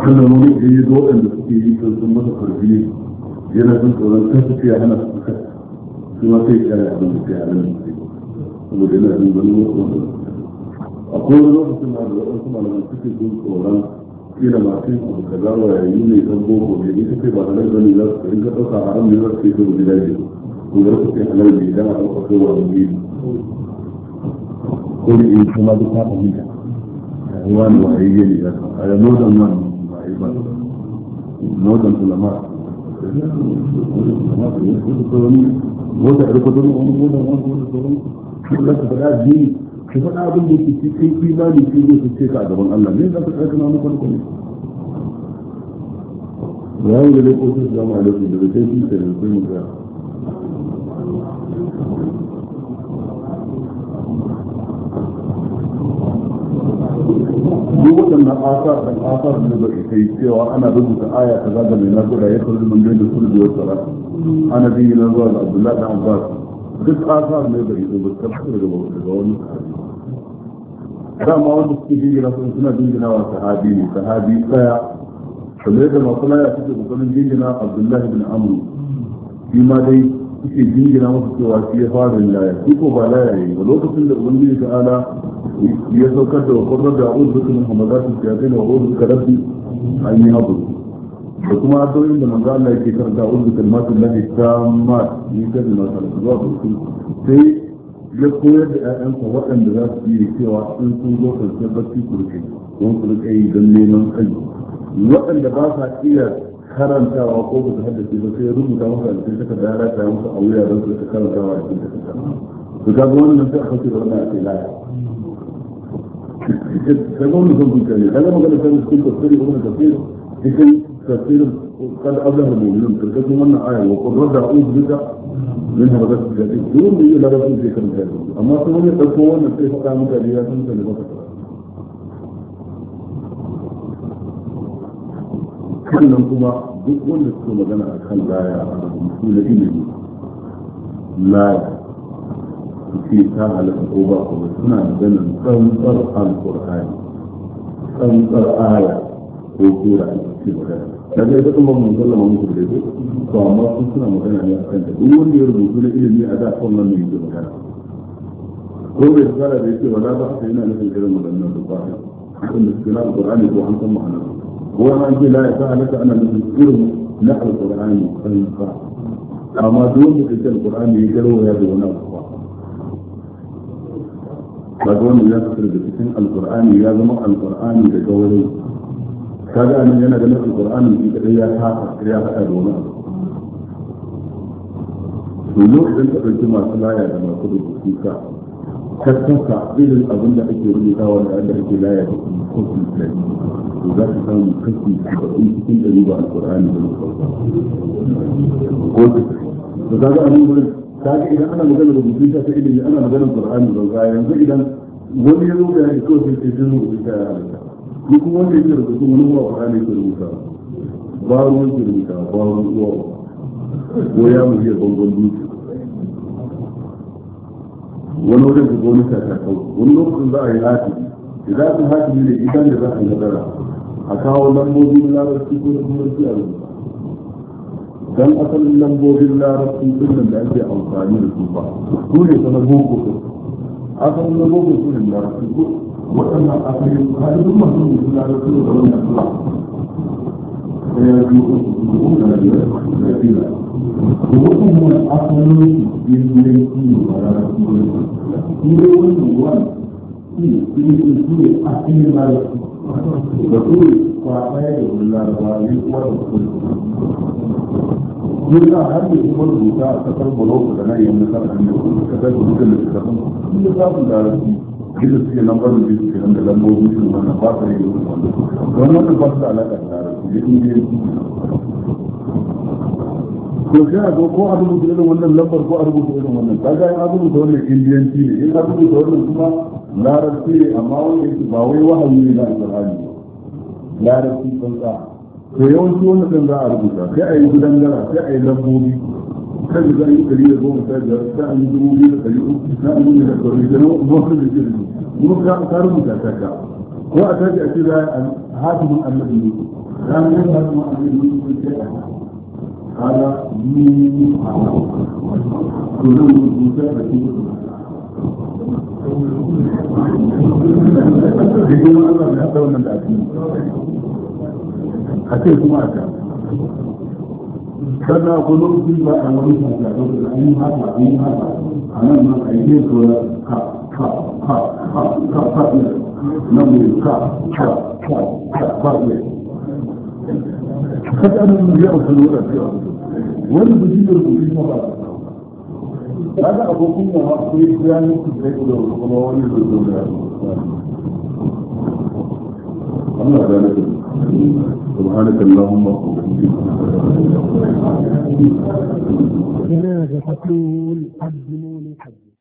أنا نريد أي دور أن تكون في الزمة من جينا كنت ولم من فيها من فيما من أنا من فيها من وجينا من بنو أقول لكم أن أقول من أن من في kila masu yin abu kaza wa yayi ne dan boko ne ita kai ba halal bane za su in ka dauka haram ne za su kai saboda daji ko da su kai halal ne dan a dauka kai wa ne ko ne in kuma duk ta fahimta rayuwa ne waye ne ne zaka a da northern man ba yi ba northern ulama wata ɗarko don wani gudun wani gudun sauran kuma za ka faɗa biyu ki faɗa abin da yake cikin imani ki zo su ce ka a gaban Allah ne za ka tsaya kana muku ne ya yi da dai kotun salamu alaikum da zai fi sai da sai mu tsaya duk waɗannan asar da asar da ba ita yi cewa ana rubuta aya kaza da mai nasu da ya kalli mun da sulhu da wasu ana bi na zuwa ga Abdullahi dan Abbas duk asar ne da ido ba ta fito daga daga wani dama wanda suke jingina sun suna jingina wa sahabi ne sahabi tsaya kamar yadda masu laya suke kokarin jingina abdullahi bin amru shi ma dai suke jingina masa cewa shi ya fara yin laya shi ko ba laya yi ba lokacin da ubangiji ta'ala ya saukar da wakon rabbi a uzu zukumin hamadatin shayatai na wakon zuka rabbi an yi haɓu da kuma addu'o'in da manzo Allah yake karanta uzu kalmatul lahi tammat ni kan da masu zuwa sai ya koyar da ƴaƴansa waɗanda za su yi cewa in sun zo kwanciyar barci ku rike don su rike yi don neman kai waɗanda ba sa iya karantawa ko ba su haddace ba sai rubuta masa a cikin takarda ya rata musu a wuya don su rika karantawa a cikin takarda su kaga wannan sai a kauce da wannan a ce laya kaga wannan sun kuka ne kaga magana sai su kuka sai da wannan tafiya cikin كثير قد قبلها المؤمنون تركتهم أن آية وقل رد أعوذ بك من هذا الجديد دون بي إلى رسول ذكر أما سوني تقوى أن تكون كامل تأليات من تلك الفترة كان أنتما دقون لكم أن أدخل لايا على المسؤولة إليه لا تكيب تاها لتقوبة ومسنا بين أنصر القرآن أنصر آيات ko sura ke magana ta ga dukkan ba mun sallama mun da dai to amma sun suna magana ne akan ta duk wanda ya rubutu na ilimi a da kan nan ne yake magana ko bai fara da yake wala ba sai yana nufin irin maganar da ba abin da cikin alqur'ani ko an san ma'ana ko an ce la ya sa alaka ana nufin irin na alqur'ani kan ba amma duk wanda ke cikin alqur'ani ya garo ya da wani abu ba ga wanda ya fitar da cikin alqur'ani ya zama alqur'ani da gawarai kaga anan yana ganin alqur'ani shi kadai ya ta ya hada da wani to lokacin da ɗauki masu laya da masu rubutu ka kakkasa irin abin da ake rubutawa da da ake laya da kuma kofi da to za ka samu kashi saba'in cikin ɗari ba alqur'ani da rubutu ko to kaga anan gurin kaga idan ana maganar rubutu ta ta ilimi ana maganar qur'ani da yanzu idan wani ya zo da ya kawai sai sai rubutu ta ya halatta Duk kuma wanda yake rubutu wani kuma fara ne ke rubuta ba ruwan ke rubuta ba ruwan uwa ko ya mu iya bangon dutse wani wajen ka ta kakakau wani lokacin za a yi hati idan an hati ne idan da za a yi nazara a kawo lambobin larabci ko da kuma su a rubuta dan asalin lambobin larabci nan da ake amfani da su ba su ne sanar boko asalin lambobin sunan larabci وَأَنَّ أَخِيَ الْمُحَارِ ثُمَّ ثُمَّ ya gida su ke lambar da su ke nan da lambobin su wannan ba su yi wani wannan ba su da alaƙa da larabci da inda to sai a zo ko a rubuta irin wannan lambar ko a rubuta irin wannan ta ga a rubuta wannan indiyanci ne in a rubuta wannan kuma larabci ne amma wanda yake ba wai wahayi ne na alƙur'ani ba larabci tsantsa to yawanci wannan ɗin za a rubuta sai a yi gara sai a yi lambobi sai da zai ɗari da goma sai da ta an dubu biyu da ɗari uku na an yi da ɗari da nawa kuma sai da ke da kuma ka ka rubuta ta ka ko a tafi a ce za a hatimin annabi ne za mu yi hatimin annabi ne ko sai a kala ni to zan rubuta da ke da kuma Allah ya tsawon da a cikin a ce kuma a ta kada ku lokaci ba a wani fata da ku an yi haka an yi haka a nan ma a yi ko ka ka ka ka ka ka ne nan ne ka ka ka ka ka ne kada an yi ya ku lura da wani biji da ku yi ba kaga abokin da ma ku yi ku ya ku sai ku da wani da da الله ذلك سبحانك اللهم وبحمدك جنازة تقول قدموني حجي